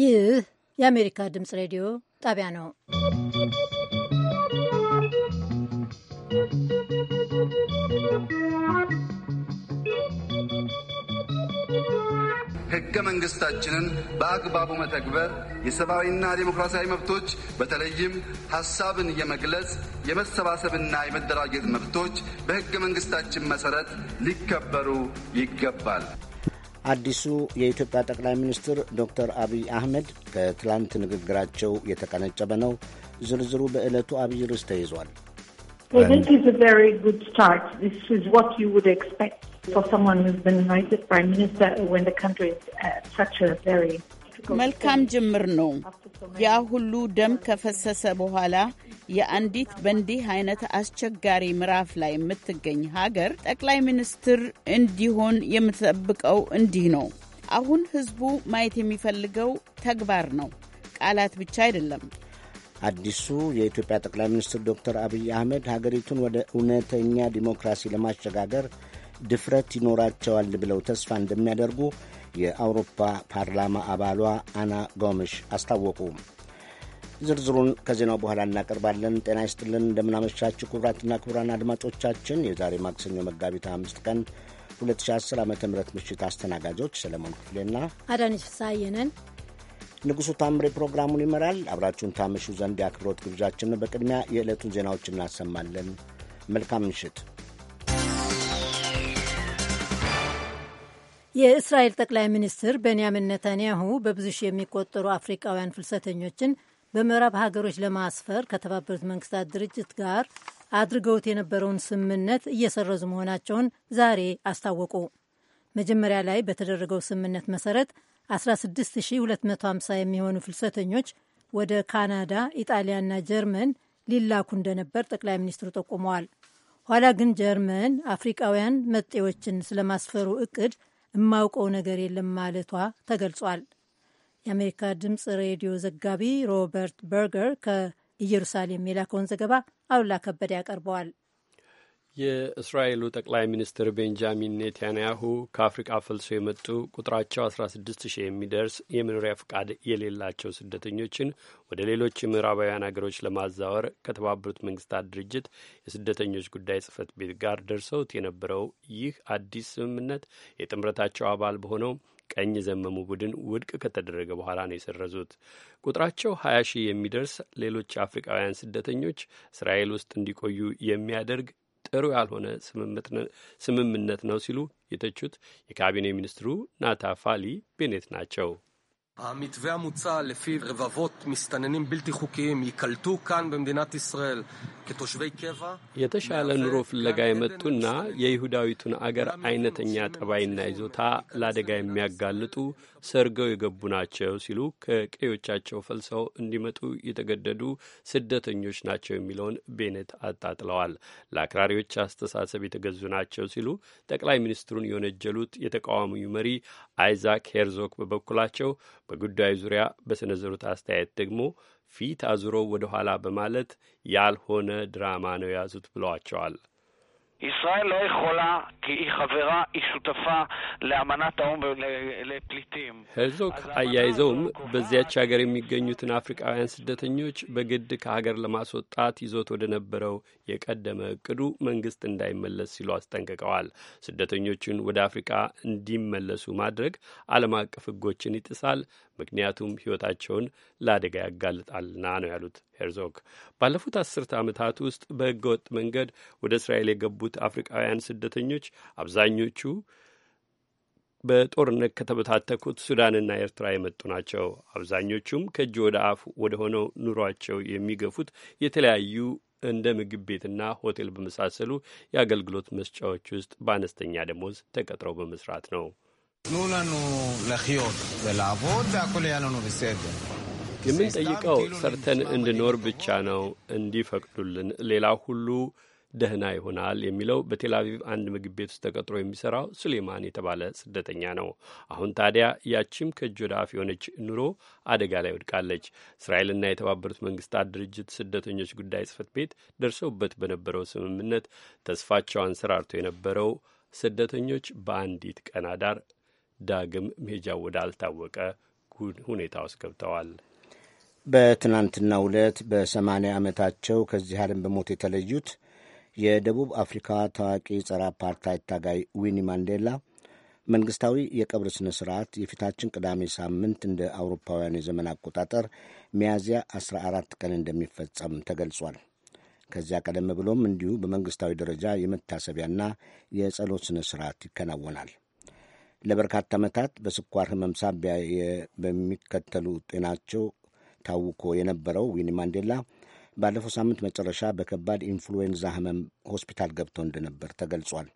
ይህ የአሜሪካ ድምፅ ሬዲዮ ጣቢያ ነው። ሕገ መንግሥታችንን በአግባቡ መተግበር፣ የሰብአዊና ዴሞክራሲያዊ መብቶች በተለይም ሐሳብን የመግለጽ የመሰባሰብና የመደራጀት መብቶች በሕገ መንግሥታችን መሠረት ሊከበሩ ይገባል። አዲሱ የኢትዮጵያ ጠቅላይ ሚኒስትር ዶክተር አብይ አህመድ ከትላንት ንግግራቸው የተቀነጨበ ነው። ዝርዝሩ በዕለቱ for someone who's been knighted prime minister when the country is at uh, such a very መልካም ጅምር ነው። ያ ሁሉ ደም ከፈሰሰ በኋላ የአንዲት በእንዲህ አይነት አስቸጋሪ ምዕራፍ ላይ የምትገኝ ሀገር ጠቅላይ ሚኒስትር እንዲሆን የምትጠብቀው እንዲህ ነው። አሁን ህዝቡ ማየት የሚፈልገው ተግባር ነው፣ ቃላት ብቻ አይደለም። አዲሱ የኢትዮጵያ ጠቅላይ ሚኒስትር ዶክተር አብይ አህመድ ሀገሪቱን ወደ እውነተኛ ዲሞክራሲ ለማሸጋገር ድፍረት ይኖራቸዋል ብለው ተስፋ እንደሚያደርጉ የአውሮፓ ፓርላማ አባሏ አና ጎምሽ አስታወቁ። ዝርዝሩን ከዜናው በኋላ እናቀርባለን። ጤና ይስጥልን፣ እንደምናመሻችሁ ክቡራትና ክቡራን አድማጮቻችን የዛሬ ማክሰኞ መጋቢት አምስት ቀን 2010 ዓ ም ምሽት አስተናጋጆች ሰለሞን ክፍሌና አዳነች ፍስሐየነን። ንጉሡ ታምሬ ፕሮግራሙን ይመራል። አብራችሁን ታመሹ ዘንድ የአክብሮት ግብዣችን። በቅድሚያ የዕለቱን ዜናዎች እናሰማለን። መልካም ምሽት። የእስራኤል ጠቅላይ ሚኒስትር ቤንያሚን ነታንያሁ በብዙ ሺህ የሚቆጠሩ አፍሪካውያን ፍልሰተኞችን በምዕራብ ሀገሮች ለማስፈር ከተባበሩት መንግስታት ድርጅት ጋር አድርገውት የነበረውን ስምምነት እየሰረዙ መሆናቸውን ዛሬ አስታወቁ። መጀመሪያ ላይ በተደረገው ስምምነት መሰረት 16250 የሚሆኑ ፍልሰተኞች ወደ ካናዳ፣ ኢጣሊያና ጀርመን ሊላኩ እንደነበር ጠቅላይ ሚኒስትሩ ጠቁመዋል። ኋላ ግን ጀርመን አፍሪካውያን መጤዎችን ስለማስፈሩ እቅድ የማውቀው ነገር የለም ማለቷ ተገልጿል። የአሜሪካ ድምፅ ሬዲዮ ዘጋቢ ሮበርት በርገር ከኢየሩሳሌም የላከውን ዘገባ አሉላ ከበደ ያቀርበዋል። የእስራኤሉ ጠቅላይ ሚኒስትር ቤንጃሚን ኔታንያሁ ከአፍሪቃ ፈልሶ የመጡ ቁጥራቸው 16 ሺህ የሚደርስ የመኖሪያ ፍቃድ የሌላቸው ስደተኞችን ወደ ሌሎች የምዕራባውያን ሀገሮች ለማዛወር ከተባበሩት መንግስታት ድርጅት የስደተኞች ጉዳይ ጽህፈት ቤት ጋር ደርሰውት የነበረው ይህ አዲስ ስምምነት የጥምረታቸው አባል በሆነው ቀኝ ዘመሙ ቡድን ውድቅ ከተደረገ በኋላ ነው የሰረዙት። ቁጥራቸው ሀያ ሺህ የሚደርስ ሌሎች አፍሪቃውያን ስደተኞች እስራኤል ውስጥ እንዲቆዩ የሚያደርግ ጥሩ ያልሆነ ስምምነት ነው ሲሉ የተቹት የካቢኔ ሚኒስትሩ ናታ ፋሊ ቤኔት ናቸው። המתווה המוצע לפיו רבבות מסתננים בלתי חוקיים ייקלטו כאן במדינת ישראל כתושבי קבע የተሻለ ኑሮ ፍለጋ የመጡና የይሁዳዊቱን አገር አይነተኛ ጠባይና ይዞታ ለአደጋ የሚያጋልጡ ሰርገው የገቡ ናቸው ሲሉ ከቀዮቻቸው ፈልሰው እንዲመጡ የተገደዱ ስደተኞች ናቸው የሚለውን ቤኔት አጣጥለዋል። ለአክራሪዎች አስተሳሰብ የተገዙ ናቸው ሲሉ ጠቅላይ ሚኒስትሩን የወነጀሉት የተቃዋሚው መሪ አይዛክ ሄርዞግ በበኩላቸው በጉዳዩ ዙሪያ በሰነዘሩት አስተያየት ደግሞ ፊት አዙሮ ወደ ኋላ በማለት ያልሆነ ድራማ ነው የያዙት ብለዋቸዋል። ישראל לא יכולה, כי היא חברה, היא שותפה לאמנת האו"ם לפליטים. הרזוג አያይዘውም በዚያች ሀገር የሚገኙትን አፍሪካውያን ስደተኞች በግድ ከሀገር ለማስወጣት ይዞት ወደ ነበረው የቀደመ እቅዱ መንግስት እንዳይመለስ ሲሉ አስጠንቅቀዋል። ስደተኞቹን ወደ አፍሪካ እንዲመለሱ ማድረግ ዓለም አቀፍ ሕጎችን ይጥሳል፣ ምክንያቱም ሕይወታቸውን ለአደጋ ያጋልጣልና ነው ያሉት ሄርዞግ። ባለፉት አስርተ ዓመታት ውስጥ በሕገ ወጥ መንገድ ወደ እስራኤል የገቡት አፍሪቃውያን ስደተኞች አብዛኞቹ በጦርነት ከተበታተኩት ሱዳንና ኤርትራ የመጡ ናቸው። አብዛኞቹም ከእጅ ወደ አፍ ወደ ሆነው ኑሯቸው የሚገፉት የተለያዩ እንደ ምግብ ቤትና ሆቴል በመሳሰሉ የአገልግሎት መስጫዎች ውስጥ በአነስተኛ ደሞዝ ተቀጥረው በመስራት ነው። ኑ ለኑ ለህይወት የምንጠይቀው ሰርተን እንድኖር ብቻ ነው እንዲፈቅዱልን፣ ሌላ ሁሉ ደህና ይሆናል የሚለው በቴላቪቭ አንድ ምግብ ቤት ውስጥ ተቀጥሮ የሚሰራው ሱሌማን የተባለ ስደተኛ ነው። አሁን ታዲያ ያቺም ከእጅ ወደ አፍ የሆነች ኑሮ አደጋ ላይ ወድቃለች። እስራኤልና የተባበሩት መንግስታት ድርጅት ስደተኞች ጉዳይ ጽህፈት ቤት ደርሰውበት በነበረው ስምምነት ተስፋቸው አንሰራርቶ የነበረው ስደተኞች በአንዲት ቀን አዳር ዳግም መሄጃው ወዳልታወቀ ሁኔታ ውስጥ ገብተዋል። በትናንትናው ዕለት በሰማንያ ዓመታቸው ከዚህ ዓለም በሞት የተለዩት የደቡብ አፍሪካ ታዋቂ ጸረ አፓርታይድ ታጋይ ዊኒ ማንዴላ መንግስታዊ የቀብር ሥነ ሥርዓት የፊታችን ቅዳሜ ሳምንት እንደ አውሮፓውያኑ የዘመን አቆጣጠር ሚያዝያ 14 ቀን እንደሚፈጸም ተገልጿል። ከዚያ ቀደም ብሎም እንዲሁ በመንግስታዊ ደረጃ የመታሰቢያና የጸሎት ሥነ ሥርዓት ይከናወናል። ለበርካታ ዓመታት በስኳር ህመም ሳቢያ በሚከተሉ ጤናቸው ታውኮ የነበረው ዊኒ ማንዴላ ባለፈው ሳምንት መጨረሻ በከባድ ኢንፍሉዌንዛ ህመም ሆስፒታል ገብተው እንደነበር ተገልጿል።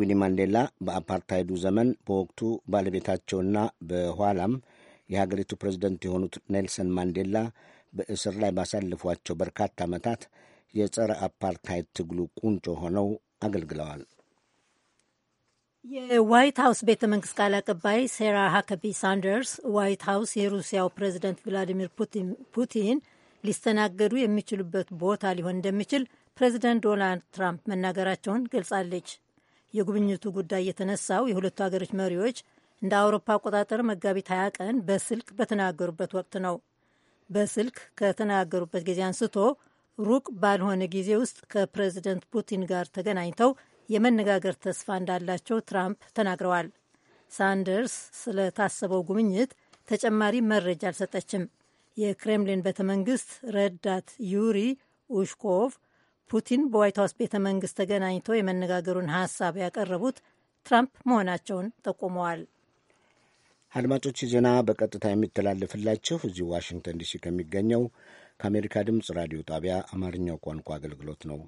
ዊኒ ማንዴላ በአፓርታይዱ ዘመን በወቅቱ ባለቤታቸውና በኋላም የሀገሪቱ ፕሬዝደንት የሆኑት ኔልሰን ማንዴላ በእስር ላይ ባሳልፏቸው በርካታ ዓመታት የጸረ አፓርታይድ ትግሉ ቁንጮ ሆነው አገልግለዋል። የዋይት ሀውስ ቤተ መንግስት ቃል አቀባይ ሴራ ሀከቢ ሳንደርስ ዋይት ሀውስ የሩሲያው ፕሬዚደንት ቭላዲሚር ፑቲን ሊስተናገዱ የሚችሉበት ቦታ ሊሆን እንደሚችል ፕሬዚደንት ዶናልድ ትራምፕ መናገራቸውን ገልጻለች። የጉብኝቱ ጉዳይ የተነሳው የሁለቱ ሀገሮች መሪዎች እንደ አውሮፓ አቆጣጠር መጋቢት 20 ቀን በስልክ በተናገሩበት ወቅት ነው። በስልክ ከተናገሩበት ጊዜ አንስቶ ሩቅ ባልሆነ ጊዜ ውስጥ ከፕሬዚደንት ፑቲን ጋር ተገናኝተው የመነጋገር ተስፋ እንዳላቸው ትራምፕ ተናግረዋል። ሳንደርስ ስለታሰበው ጉብኝት ተጨማሪ መረጃ አልሰጠችም። የክሬምሊን ቤተ መንግስት ረዳት ዩሪ ኡሽኮቭ ፑቲን በዋይት ሀውስ ቤተ መንግስት ተገናኝቶ የመነጋገሩን ሀሳብ ያቀረቡት ትራምፕ መሆናቸውን ጠቁመዋል። አድማጮች ዜና በቀጥታ የሚተላለፍላችሁ እዚህ ዋሽንግተን ዲሲ ከሚገኘው ከአሜሪካ ድምፅ ራዲዮ ጣቢያ አማርኛው ቋንቋ አገልግሎት ነው።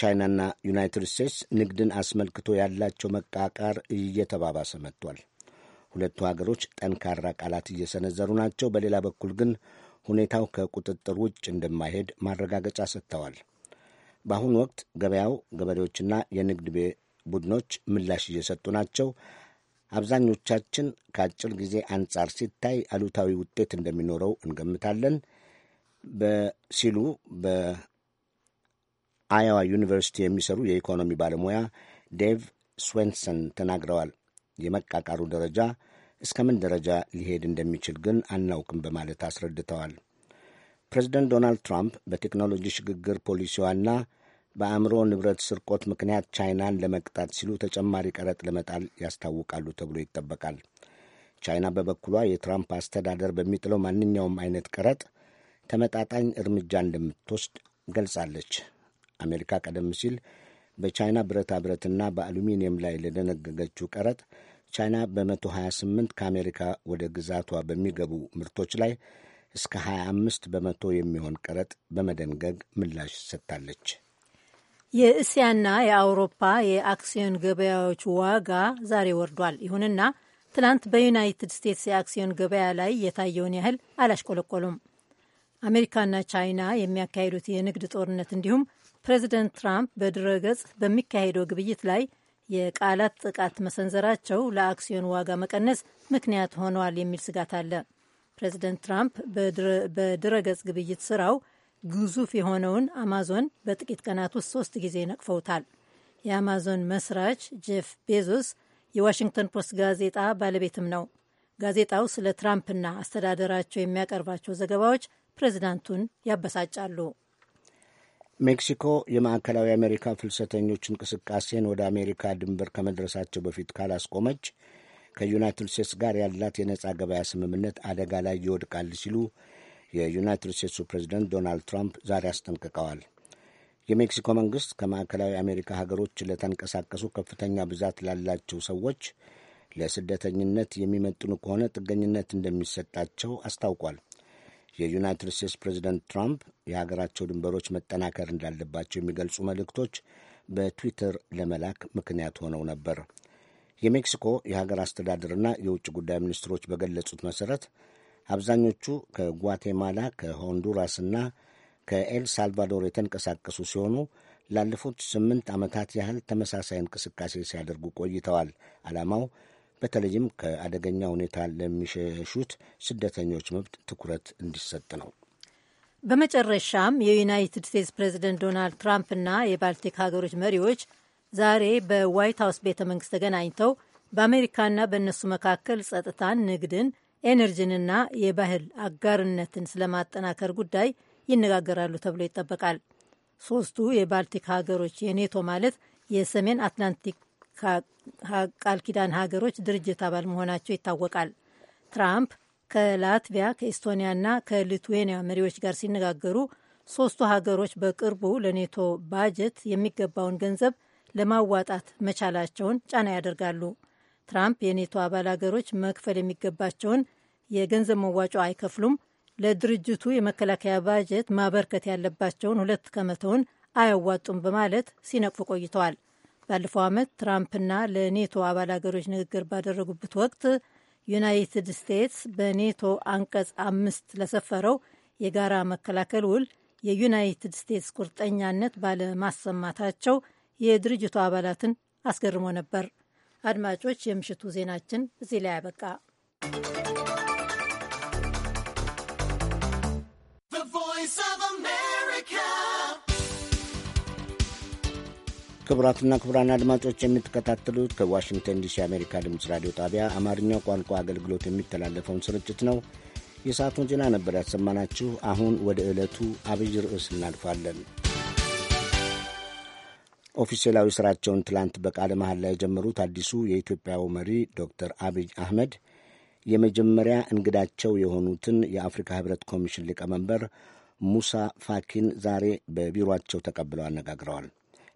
ቻይናና ዩናይትድ ስቴትስ ንግድን አስመልክቶ ያላቸው መቃቃር እየተባባሰ መጥቷል። ሁለቱ ሀገሮች ጠንካራ ቃላት እየሰነዘሩ ናቸው። በሌላ በኩል ግን ሁኔታው ከቁጥጥር ውጭ እንደማይሄድ ማረጋገጫ ሰጥተዋል። በአሁኑ ወቅት ገበያው፣ ገበሬዎችና የንግድ ቡድኖች ምላሽ እየሰጡ ናቸው። አብዛኞቻችን ከአጭር ጊዜ አንጻር ሲታይ አሉታዊ ውጤት እንደሚኖረው እንገምታለን ሲሉ አያዋ ዩኒቨርሲቲ የሚሰሩ የኢኮኖሚ ባለሙያ ዴቭ ስዌንሰን ተናግረዋል። የመቃቃሩ ደረጃ እስከ ምን ደረጃ ሊሄድ እንደሚችል ግን አናውቅም በማለት አስረድተዋል። ፕሬዚደንት ዶናልድ ትራምፕ በቴክኖሎጂ ሽግግር ፖሊሲዋና በአእምሮ ንብረት ስርቆት ምክንያት ቻይናን ለመቅጣት ሲሉ ተጨማሪ ቀረጥ ለመጣል ያስታውቃሉ ተብሎ ይጠበቃል። ቻይና በበኩሏ የትራምፕ አስተዳደር በሚጥለው ማንኛውም አይነት ቀረጥ ተመጣጣኝ እርምጃ እንደምትወስድ ገልጻለች። አሜሪካ ቀደም ሲል በቻይና ብረታ ብረትና በአሉሚኒየም ላይ ለደነገገችው ቀረጥ ቻይና በ128 ከአሜሪካ ወደ ግዛቷ በሚገቡ ምርቶች ላይ እስከ 25 በመቶ የሚሆን ቀረጥ በመደንገግ ምላሽ ሰጥታለች። የእስያና የአውሮፓ የአክሲዮን ገበያዎች ዋጋ ዛሬ ወርዷል። ይሁንና ትላንት በዩናይትድ ስቴትስ የአክሲዮን ገበያ ላይ የታየውን ያህል አላሽቆለቆሉም። አሜሪካና ቻይና የሚያካሂዱት የንግድ ጦርነት እንዲሁም ፕሬዚደንት ትራምፕ በድረገጽ በሚካሄደው ግብይት ላይ የቃላት ጥቃት መሰንዘራቸው ለአክሲዮን ዋጋ መቀነስ ምክንያት ሆነዋል የሚል ስጋት አለ። ፕሬዚደንት ትራምፕ በድረገጽ ግብይት ስራው ግዙፍ የሆነውን አማዞን በጥቂት ቀናት ውስጥ ሶስት ጊዜ ነቅፈውታል። የአማዞን መስራች ጄፍ ቤዞስ የዋሽንግተን ፖስት ጋዜጣ ባለቤትም ነው። ጋዜጣው ስለ ትራምፕና አስተዳደራቸው የሚያቀርባቸው ዘገባዎች ፕሬዚዳንቱን ያበሳጫሉ። ሜክሲኮ የማዕከላዊ አሜሪካ ፍልሰተኞች እንቅስቃሴን ወደ አሜሪካ ድንበር ከመድረሳቸው በፊት ካላስቆመች ከዩናይትድ ስቴትስ ጋር ያላት የነጻ ገበያ ስምምነት አደጋ ላይ ይወድቃል ሲሉ የዩናይትድ ስቴትሱ ፕሬዚደንት ዶናልድ ትራምፕ ዛሬ አስጠንቅቀዋል። የሜክሲኮ መንግሥት ከማዕከላዊ አሜሪካ ሀገሮች ለተንቀሳቀሱ ከፍተኛ ብዛት ላላቸው ሰዎች ለስደተኝነት የሚመጥኑ ከሆነ ጥገኝነት እንደሚሰጣቸው አስታውቋል። የዩናይትድ ስቴትስ ፕሬዚደንት ትራምፕ የሀገራቸው ድንበሮች መጠናከር እንዳለባቸው የሚገልጹ መልእክቶች በትዊተር ለመላክ ምክንያት ሆነው ነበር። የሜክሲኮ የሀገር አስተዳደርና የውጭ ጉዳይ ሚኒስትሮች በገለጹት መሠረት አብዛኞቹ ከጓቴማላ ከሆንዱራስና ከኤል ሳልቫዶር የተንቀሳቀሱ ሲሆኑ ላለፉት ስምንት ዓመታት ያህል ተመሳሳይ እንቅስቃሴ ሲያደርጉ ቆይተዋል። ዓላማው በተለይም ከአደገኛ ሁኔታ ለሚሸሹት ስደተኞች መብት ትኩረት እንዲሰጥ ነው። በመጨረሻም የዩናይትድ ስቴትስ ፕሬዚደንት ዶናልድ ትራምፕና የባልቲክ ሀገሮች መሪዎች ዛሬ በዋይት ሀውስ ቤተ መንግስት ተገናኝተው በአሜሪካና በእነሱ መካከል ጸጥታን፣ ንግድን፣ ኤነርጂንና የባህል አጋርነትን ስለማጠናከር ጉዳይ ይነጋገራሉ ተብሎ ይጠበቃል። ሶስቱ የባልቲክ ሀገሮች የኔቶ ማለት የሰሜን አትላንቲክ ቃል ኪዳን ሀገሮች ድርጅት አባል መሆናቸው ይታወቃል። ትራምፕ ከላትቪያ ከኤስቶኒያና ከሊትዌኒያ መሪዎች ጋር ሲነጋገሩ ሶስቱ ሀገሮች በቅርቡ ለኔቶ ባጀት የሚገባውን ገንዘብ ለማዋጣት መቻላቸውን ጫና ያደርጋሉ። ትራምፕ የኔቶ አባል ሀገሮች መክፈል የሚገባቸውን የገንዘብ መዋጮ አይከፍሉም፣ ለድርጅቱ የመከላከያ ባጀት ማበርከት ያለባቸውን ሁለት ከመቶውን አያዋጡም በማለት ሲነቅፉ ቆይተዋል። ባለፈው ዓመት ትራምፕና ለኔቶ አባል ሀገሮች ንግግር ባደረጉበት ወቅት ዩናይትድ ስቴትስ በኔቶ አንቀጽ አምስት ለሰፈረው የጋራ መከላከል ውል የዩናይትድ ስቴትስ ቁርጠኛነት ባለማሰማታቸው የድርጅቱ አባላትን አስገርሞ ነበር። አድማጮች፣ የምሽቱ ዜናችን እዚህ ላይ you. ክቡራትና ክቡራን አድማጮች የምትከታተሉት ከዋሽንግተን ዲሲ የአሜሪካ ድምፅ ራዲዮ ጣቢያ አማርኛው ቋንቋ አገልግሎት የሚተላለፈውን ስርጭት ነው። የሰዓቱን ዜና ነበር ያሰማናችሁ። አሁን ወደ ዕለቱ አብይ ርዕስ እናልፋለን። ኦፊሴላዊ ስራቸውን ትላንት በቃለ መሐላ ላይ የጀመሩት አዲሱ የኢትዮጵያው መሪ ዶክተር አብይ አህመድ የመጀመሪያ እንግዳቸው የሆኑትን የአፍሪካ ህብረት ኮሚሽን ሊቀመንበር ሙሳ ፋኪን ዛሬ በቢሮአቸው ተቀብለው አነጋግረዋል።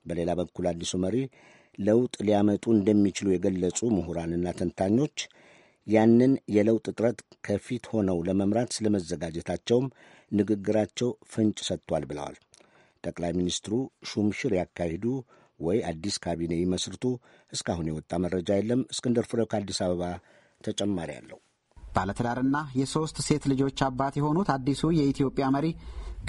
በሌላ በኩል አዲሱ መሪ ለውጥ ሊያመጡ እንደሚችሉ የገለጹ ምሁራንና ተንታኞች ያንን የለውጥ ጥረት ከፊት ሆነው ለመምራት ስለመዘጋጀታቸውም ንግግራቸው ፍንጭ ሰጥቷል ብለዋል። ጠቅላይ ሚኒስትሩ ሹምሽር ያካሂዱ ወይ አዲስ ካቢኔ ይመስርቱ እስካሁን የወጣ መረጃ የለም። እስክንድር ፍሬው ከአዲስ አበባ ተጨማሪ አለው። ባለትዳርና የሶስት ሴት ልጆች አባት የሆኑት አዲሱ የኢትዮጵያ መሪ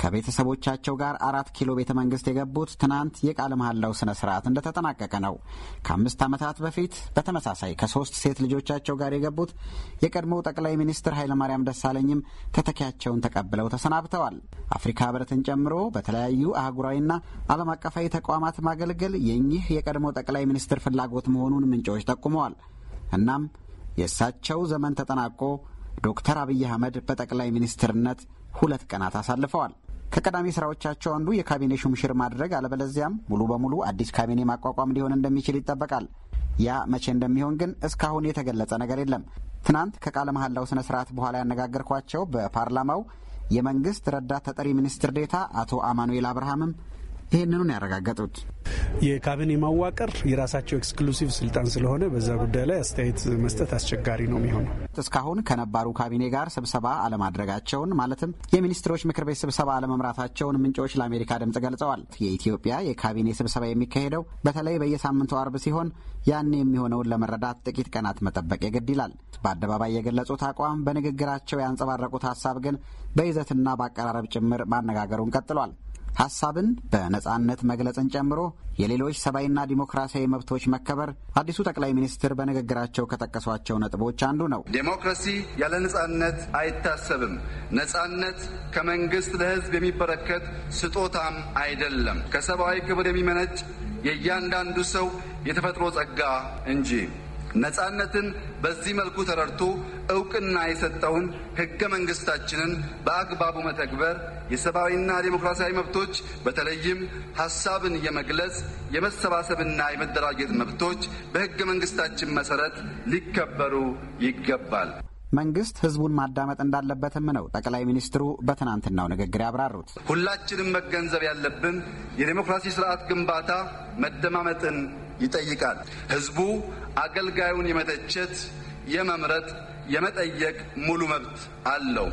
ከቤተሰቦቻቸው ጋር አራት ኪሎ ቤተ መንግስት የገቡት ትናንት የቃለ መሐላው ስነ ስርዓት እንደተጠናቀቀ ነው። ከአምስት ዓመታት በፊት በተመሳሳይ ከሶስት ሴት ልጆቻቸው ጋር የገቡት የቀድሞው ጠቅላይ ሚኒስትር ኃይለማርያም ደሳለኝም ተተኪያቸውን ተቀብለው ተሰናብተዋል። አፍሪካ ህብረትን ጨምሮ በተለያዩ አህጉራዊና ዓለም አቀፋዊ ተቋማት ማገልገል የኚህ የቀድሞ ጠቅላይ ሚኒስትር ፍላጎት መሆኑን ምንጮች ጠቁመዋል። እናም የእሳቸው ዘመን ተጠናቆ ዶክተር አብይ አህመድ በጠቅላይ ሚኒስትርነት ሁለት ቀናት አሳልፈዋል። ከቀዳሚ ስራዎቻቸው አንዱ የካቢኔ ሹምሽር ማድረግ፣ አለበለዚያም ሙሉ በሙሉ አዲስ ካቢኔ ማቋቋም ሊሆን እንደሚችል ይጠበቃል። ያ መቼ እንደሚሆን ግን እስካሁን የተገለጸ ነገር የለም። ትናንት ከቃለ መሐላው ስነ ስርዓት በኋላ ያነጋገርኳቸው በፓርላማው የመንግስት ረዳት ተጠሪ ሚኒስትር ዴታ አቶ አማኑኤል አብርሃምም ይህንኑን ያረጋገጡት የካቢኔ ማዋቀር የራሳቸው ኤክስክሉሲቭ ስልጣን ስለሆነ በዛ ጉዳይ ላይ አስተያየት መስጠት አስቸጋሪ ነው የሚሆነው። እስካሁን ከነባሩ ካቢኔ ጋር ስብሰባ አለማድረጋቸውን ማለትም የሚኒስትሮች ምክር ቤት ስብሰባ አለመምራታቸውን ምንጮች ለአሜሪካ ድምጽ ገልጸዋል። የኢትዮጵያ የካቢኔ ስብሰባ የሚካሄደው በተለይ በየሳምንቱ አርብ ሲሆን ያን የሚሆነውን ለመረዳት ጥቂት ቀናት መጠበቅ የግድ ይላል። በአደባባይ የገለጹት አቋም፣ በንግግራቸው ያንጸባረቁት ሀሳብ ግን በይዘትና በአቀራረብ ጭምር ማነጋገሩን ቀጥሏል። ሀሳብን በነጻነት መግለጽን ጨምሮ የሌሎች ሰብአዊና ዲሞክራሲያዊ መብቶች መከበር አዲሱ ጠቅላይ ሚኒስትር በንግግራቸው ከጠቀሷቸው ነጥቦች አንዱ ነው። ዲሞክራሲ ያለ ነጻነት አይታሰብም። ነጻነት ከመንግስት ለህዝብ የሚበረከት ስጦታም አይደለም፣ ከሰብአዊ ክብር የሚመነጭ የእያንዳንዱ ሰው የተፈጥሮ ጸጋ እንጂ ነጻነትን በዚህ መልኩ ተረድቶ እውቅና የሰጠውን ህገ መንግስታችንን በአግባቡ መተግበር የሰብአዊና ዴሞክራሲያዊ መብቶች በተለይም ሀሳብን የመግለጽ የመሰባሰብና የመደራጀት መብቶች በህገ መንግስታችን መሰረት ሊከበሩ ይገባል። መንግስት ህዝቡን ማዳመጥ እንዳለበትም ነው ጠቅላይ ሚኒስትሩ በትናንትናው ንግግር ያብራሩት። ሁላችንም መገንዘብ ያለብን የዴሞክራሲ ስርዓት ግንባታ መደማመጥን ይጠይቃል። ህዝቡ አገልጋዩን የመተቸት፣ የመምረጥ፣ የመጠየቅ ሙሉ መብት አለው።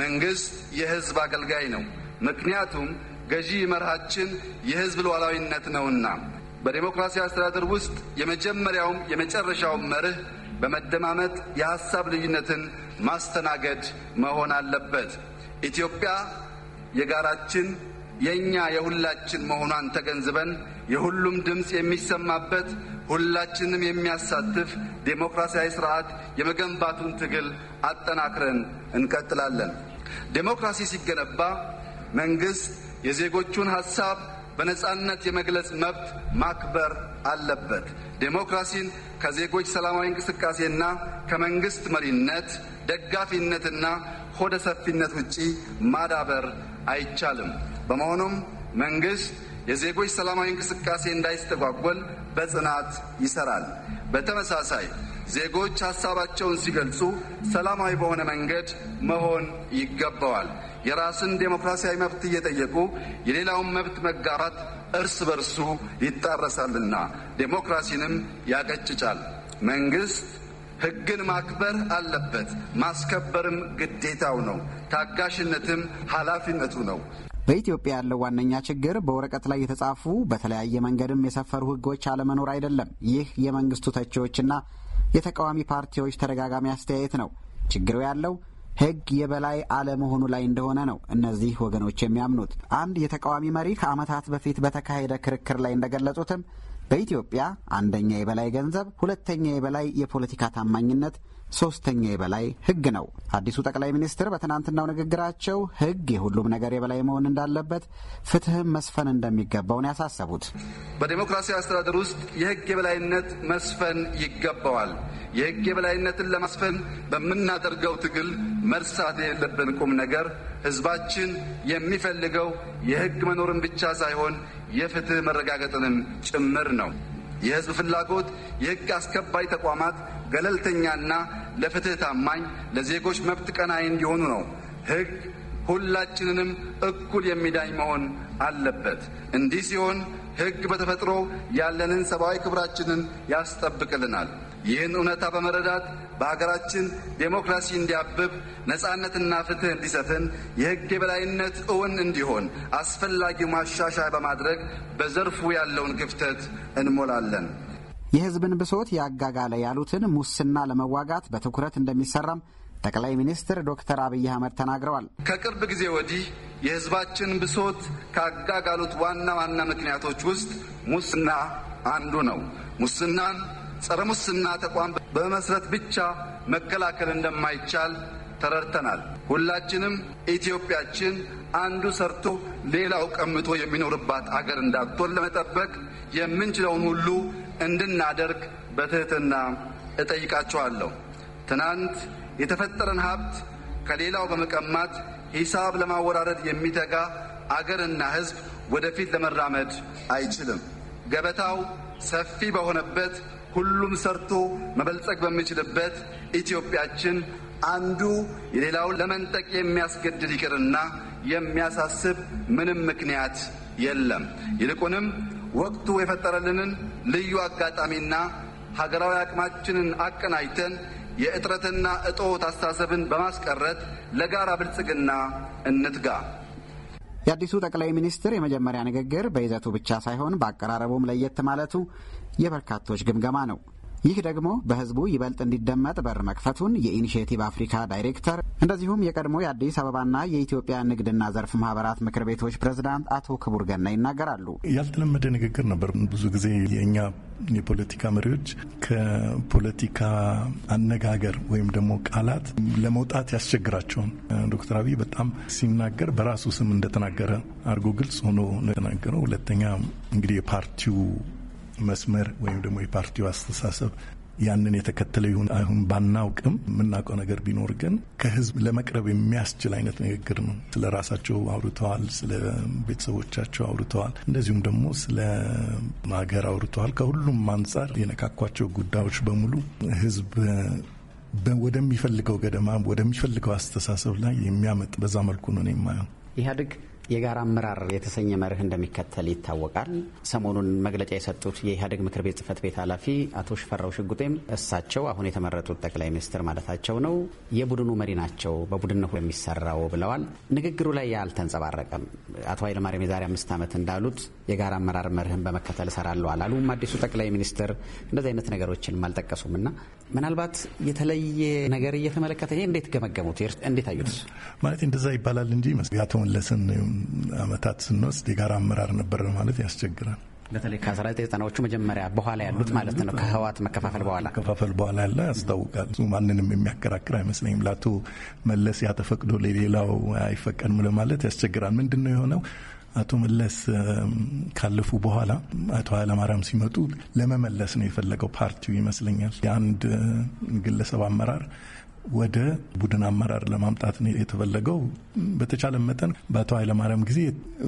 መንግስት የህዝብ አገልጋይ ነው። ምክንያቱም ገዢ መርሃችን የህዝብ ሉዓላዊነት ነውና። በዴሞክራሲ አስተዳደር ውስጥ የመጀመሪያውም የመጨረሻውም መርህ በመደማመጥ የሀሳብ ልዩነትን ማስተናገድ መሆን አለበት። ኢትዮጵያ የጋራችን የእኛ የሁላችን መሆኗን ተገንዝበን የሁሉም ድምፅ የሚሰማበት ሁላችንም የሚያሳትፍ ዴሞክራሲያዊ ስርዓት የመገንባቱን ትግል አጠናክረን እንቀጥላለን። ዴሞክራሲ ሲገነባ መንግስት የዜጎቹን ሀሳብ በነጻነት የመግለጽ መብት ማክበር አለበት። ዴሞክራሲን ከዜጎች ሰላማዊ እንቅስቃሴና ከመንግስት መሪነት ደጋፊነትና ሆደ ሰፊነት ውጪ ማዳበር አይቻልም። በመሆኑም መንግስት የዜጎች ሰላማዊ እንቅስቃሴ እንዳይስተጓጎል በጽናት ይሰራል። በተመሳሳይ ዜጎች ሀሳባቸውን ሲገልጹ ሰላማዊ በሆነ መንገድ መሆን ይገባዋል። የራስን ዴሞክራሲያዊ መብት እየጠየቁ የሌላውን መብት መጋራት እርስ በርሱ ይጣረሳልና ዴሞክራሲንም ያቀጭጫል። መንግስት ህግን ማክበር አለበት፣ ማስከበርም ግዴታው ነው። ታጋሽነትም ኃላፊነቱ ነው። በኢትዮጵያ ያለው ዋነኛ ችግር በወረቀት ላይ የተጻፉ በተለያየ መንገድም የሰፈሩ ህጎች አለመኖር አይደለም። ይህ የመንግስቱ ተቺዎችና የተቃዋሚ ፓርቲዎች ተደጋጋሚ አስተያየት ነው። ችግሩ ያለው ህግ የበላይ አለመሆኑ ላይ እንደሆነ ነው እነዚህ ወገኖች የሚያምኑት። አንድ የተቃዋሚ መሪ ከዓመታት በፊት በተካሄደ ክርክር ላይ እንደገለጹትም በኢትዮጵያ አንደኛ የበላይ ገንዘብ፣ ሁለተኛ የበላይ የፖለቲካ ታማኝነት ሶስተኛ የበላይ ህግ ነው። አዲሱ ጠቅላይ ሚኒስትር በትናንትናው ንግግራቸው ህግ የሁሉም ነገር የበላይ መሆን እንዳለበት፣ ፍትህም መስፈን እንደሚገባውን ያሳሰቡት በዴሞክራሲያዊ አስተዳደር ውስጥ የህግ የበላይነት መስፈን ይገባዋል። የህግ የበላይነትን ለማስፈን በምናደርገው ትግል መርሳት የሌለብን ቁም ነገር ህዝባችን የሚፈልገው የህግ መኖርን ብቻ ሳይሆን የፍትህ መረጋገጥንም ጭምር ነው። የህዝብ ፍላጎት የህግ አስከባሪ ተቋማት ገለልተኛና ለፍትህ ታማኝ፣ ለዜጎች መብት ቀናይ እንዲሆኑ ነው። ህግ ሁላችንንም እኩል የሚዳኝ መሆን አለበት። እንዲህ ሲሆን ህግ በተፈጥሮ ያለንን ሰብአዊ ክብራችንን ያስጠብቅልናል። ይህን እውነታ በመረዳት በሀገራችን ዴሞክራሲ እንዲያብብ፣ ነጻነትና ፍትህ እንዲሰፍን፣ የህግ የበላይነት እውን እንዲሆን አስፈላጊው ማሻሻያ በማድረግ በዘርፉ ያለውን ክፍተት እንሞላለን። የህዝብን ብሶት ያጋጋለ ያሉትን ሙስና ለመዋጋት በትኩረት እንደሚሰራም ጠቅላይ ሚኒስትር ዶክተር አብይ አህመድ ተናግረዋል። ከቅርብ ጊዜ ወዲህ የህዝባችን ብሶት ካጋጋሉት ዋና ዋና ምክንያቶች ውስጥ ሙስና አንዱ ነው። ሙስናን ጸረ ሙስና ተቋም በመስረት ብቻ መከላከል እንደማይቻል ተረድተናል። ሁላችንም ኢትዮጵያችን አንዱ ሰርቶ ሌላው ቀምቶ የሚኖርባት አገር እንዳትሆን ለመጠበቅ የምንችለውን ሁሉ እንድናደርግ በትህትና እጠይቃችኋለሁ። ትናንት የተፈጠረን ሀብት ከሌላው በመቀማት ሂሳብ ለማወራረድ የሚተጋ አገርና ሕዝብ ወደፊት ለመራመድ አይችልም። ገበታው ሰፊ በሆነበት ሁሉም ሰርቶ መበልጸግ በሚችልበት ኢትዮጵያችን አንዱ የሌላውን ለመንጠቅ የሚያስገድድ ይቅርና የሚያሳስብ ምንም ምክንያት የለም። ይልቁንም ወቅቱ የፈጠረልንን ልዩ አጋጣሚና ሀገራዊ አቅማችንን አቀናጅተን የእጥረትና እጦት አስተሳሰብን በማስቀረት ለጋራ ብልጽግና እንትጋ። የአዲሱ ጠቅላይ ሚኒስትር የመጀመሪያ ንግግር በይዘቱ ብቻ ሳይሆን በአቀራረቡም ለየት ማለቱ የበርካቶች ግምገማ ነው። ይህ ደግሞ በህዝቡ ይበልጥ እንዲደመጥ በር መክፈቱን የኢኒሽቲቭ አፍሪካ ዳይሬክተር እንደዚሁም የቀድሞ የአዲስ አበባና የኢትዮጵያ ንግድና ዘርፍ ማህበራት ምክር ቤቶች ፕሬዝዳንት አቶ ክቡር ገና ይናገራሉ። ያልተለመደ ንግግር ነበር። ብዙ ጊዜ የእኛ የፖለቲካ መሪዎች ከፖለቲካ አነጋገር ወይም ደግሞ ቃላት ለመውጣት ያስቸግራቸውን ዶክተር አብይ በጣም ሲናገር በራሱ ስም እንደተናገረ አድርጎ ግልጽ ሆኖ ተናገረው። ሁለተኛ እንግዲህ የፓርቲው መስመር ወይም ደግሞ የፓርቲው አስተሳሰብ ያንን የተከተለ ይሁን አሁን ባናውቅም የምናውቀው ነገር ቢኖር ግን ከህዝብ ለመቅረብ የሚያስችል አይነት ንግግር ነው። ስለ ራሳቸው አውርተዋል፣ ስለ ቤተሰቦቻቸው አውርተዋል፣ እንደዚሁም ደግሞ ስለ ሀገር አውርተዋል። ከሁሉም አንጻር የነካኳቸው ጉዳዮች በሙሉ ህዝብ ወደሚፈልገው ገደማ ወደሚፈልገው አስተሳሰብ ላይ የሚያመጥ በዛ መልኩ ነው የማየው ኢህአዴግ የጋራ አመራር የተሰኘ መርህ እንደሚከተል ይታወቃል። ሰሞኑን መግለጫ የሰጡት የኢህአዴግ ምክር ቤት ጽህፈት ቤት ኃላፊ አቶ ሽፈራው ሽጉጤም እሳቸው አሁን የተመረጡት ጠቅላይ ሚኒስትር ማለታቸው ነው የቡድኑ መሪ ናቸው፣ በቡድን ነው የሚሰራው ብለዋል። ንግግሩ ላይ አልተንጸባረቀም። አቶ ኃይለማርያም የዛሬ አምስት ዓመት እንዳሉት የጋራ አመራር መርህን በመከተል እሰራለሁ አላሉም። አዲሱ ጠቅላይ ሚኒስትር እንደዚህ አይነት ነገሮችን አልጠቀሱም እና ምናልባት የተለየ ነገር እየተመለከተ ይሄ እንዴት ገመገሙት? እንዴት አዩት? ማለት እንደዛ ይባላል እንጂ የአቶ መለስን አመታት ስንወስድ የጋራ አመራር ነበር ማለት ያስቸግራል። በተለይ ከ1990ዎቹ መጀመሪያ በኋላ ያሉት ማለት ነው። ከህወሓት መከፋፈል በኋላ መከፋፈል በኋላ ያለ ያስታውቃል። ማንንም የሚያከራክር አይመስለኝም። ለአቶ መለስ ያተፈቅዶ ለሌላው አይፈቀድም ለማለት ያስቸግራል። ምንድን ነው የሆነው? አቶ መለስ ካለፉ በኋላ አቶ ኃይለማርያም ሲመጡ ለመመለስ ነው የፈለገው ፓርቲው ይመስለኛል። የአንድ ግለሰብ አመራር ወደ ቡድን አመራር ለማምጣት ነው የተፈለገው። በተቻለ መጠን በአቶ ኃይለማርያም ጊዜ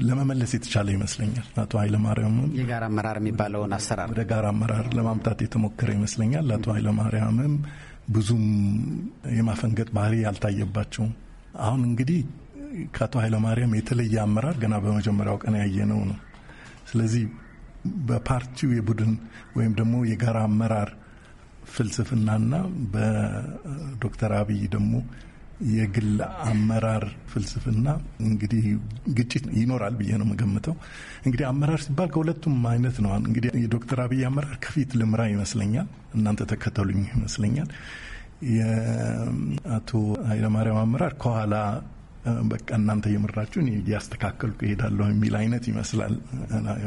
ለመመለስ የተቻለ ይመስለኛል። አቶ ኃይለማርያም የጋራ አመራር የሚባለውን አሰራር ወደ ጋራ አመራር ለማምጣት የተሞከረ ይመስለኛል። አቶ ኃይለማርያምም ብዙም የማፈንገጥ ባህሪ አልታየባቸውም። አሁን እንግዲህ ከአቶ ኃይለማርያም የተለየ አመራር ገና በመጀመሪያው ቀን ያየነው ነው። ስለዚህ በፓርቲው የቡድን ወይም ደግሞ የጋራ አመራር ፍልስፍናና በዶክተር አብይ ደግሞ የግል አመራር ፍልስፍና እንግዲህ ግጭት ይኖራል ብዬ ነው የምገምተው። እንግዲህ አመራር ሲባል ከሁለቱም አይነት ነው። እንግዲህ የዶክተር አብይ አመራር ከፊት ልምራ ይመስለኛል፣ እናንተ ተከተሉኝ ይመስለኛል። የአቶ ኃይለማርያም አመራር ከኋላ በቃ እናንተ የምራችሁን እያስተካከልኩ እሄዳለሁ የሚል አይነት ይመስላል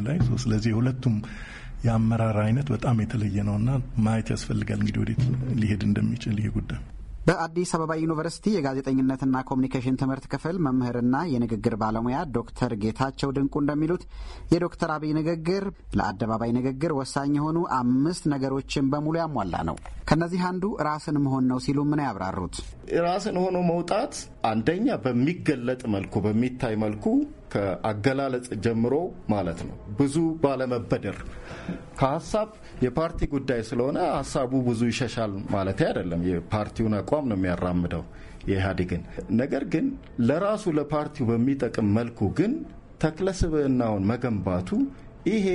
ላይ ስለዚህ የሁለቱም የአመራር አይነት በጣም የተለየ ነውና ማየት ያስፈልጋል እንግዲህ ወዴት ሊሄድ እንደሚችል ይህ ጉዳይ በአዲስ አበባ ዩኒቨርሲቲ የጋዜጠኝነትና ኮሚኒኬሽን ትምህርት ክፍል መምህርና የንግግር ባለሙያ ዶክተር ጌታቸው ድንቁ እንደሚሉት የዶክተር አብይ ንግግር ለአደባባይ ንግግር ወሳኝ የሆኑ አምስት ነገሮችን በሙሉ ያሟላ ነው። ከእነዚህ አንዱ ራስን መሆን ነው ሲሉ ምን ያብራሩት? ራስን ሆኖ መውጣት አንደኛ በሚገለጥ መልኩ በሚታይ መልኩ ከአገላለጽ ጀምሮ ማለት ነው። ብዙ ባለመበደር ከሀሳብ የፓርቲ ጉዳይ ስለሆነ ሀሳቡ ብዙ ይሸሻል ማለት አይደለም። የፓርቲውን አቋም ነው የሚያራምደው የኢህአዴግን። ነገር ግን ለራሱ ለፓርቲው በሚጠቅም መልኩ ግን ተክለ ስብዕናውን መገንባቱ ይሄ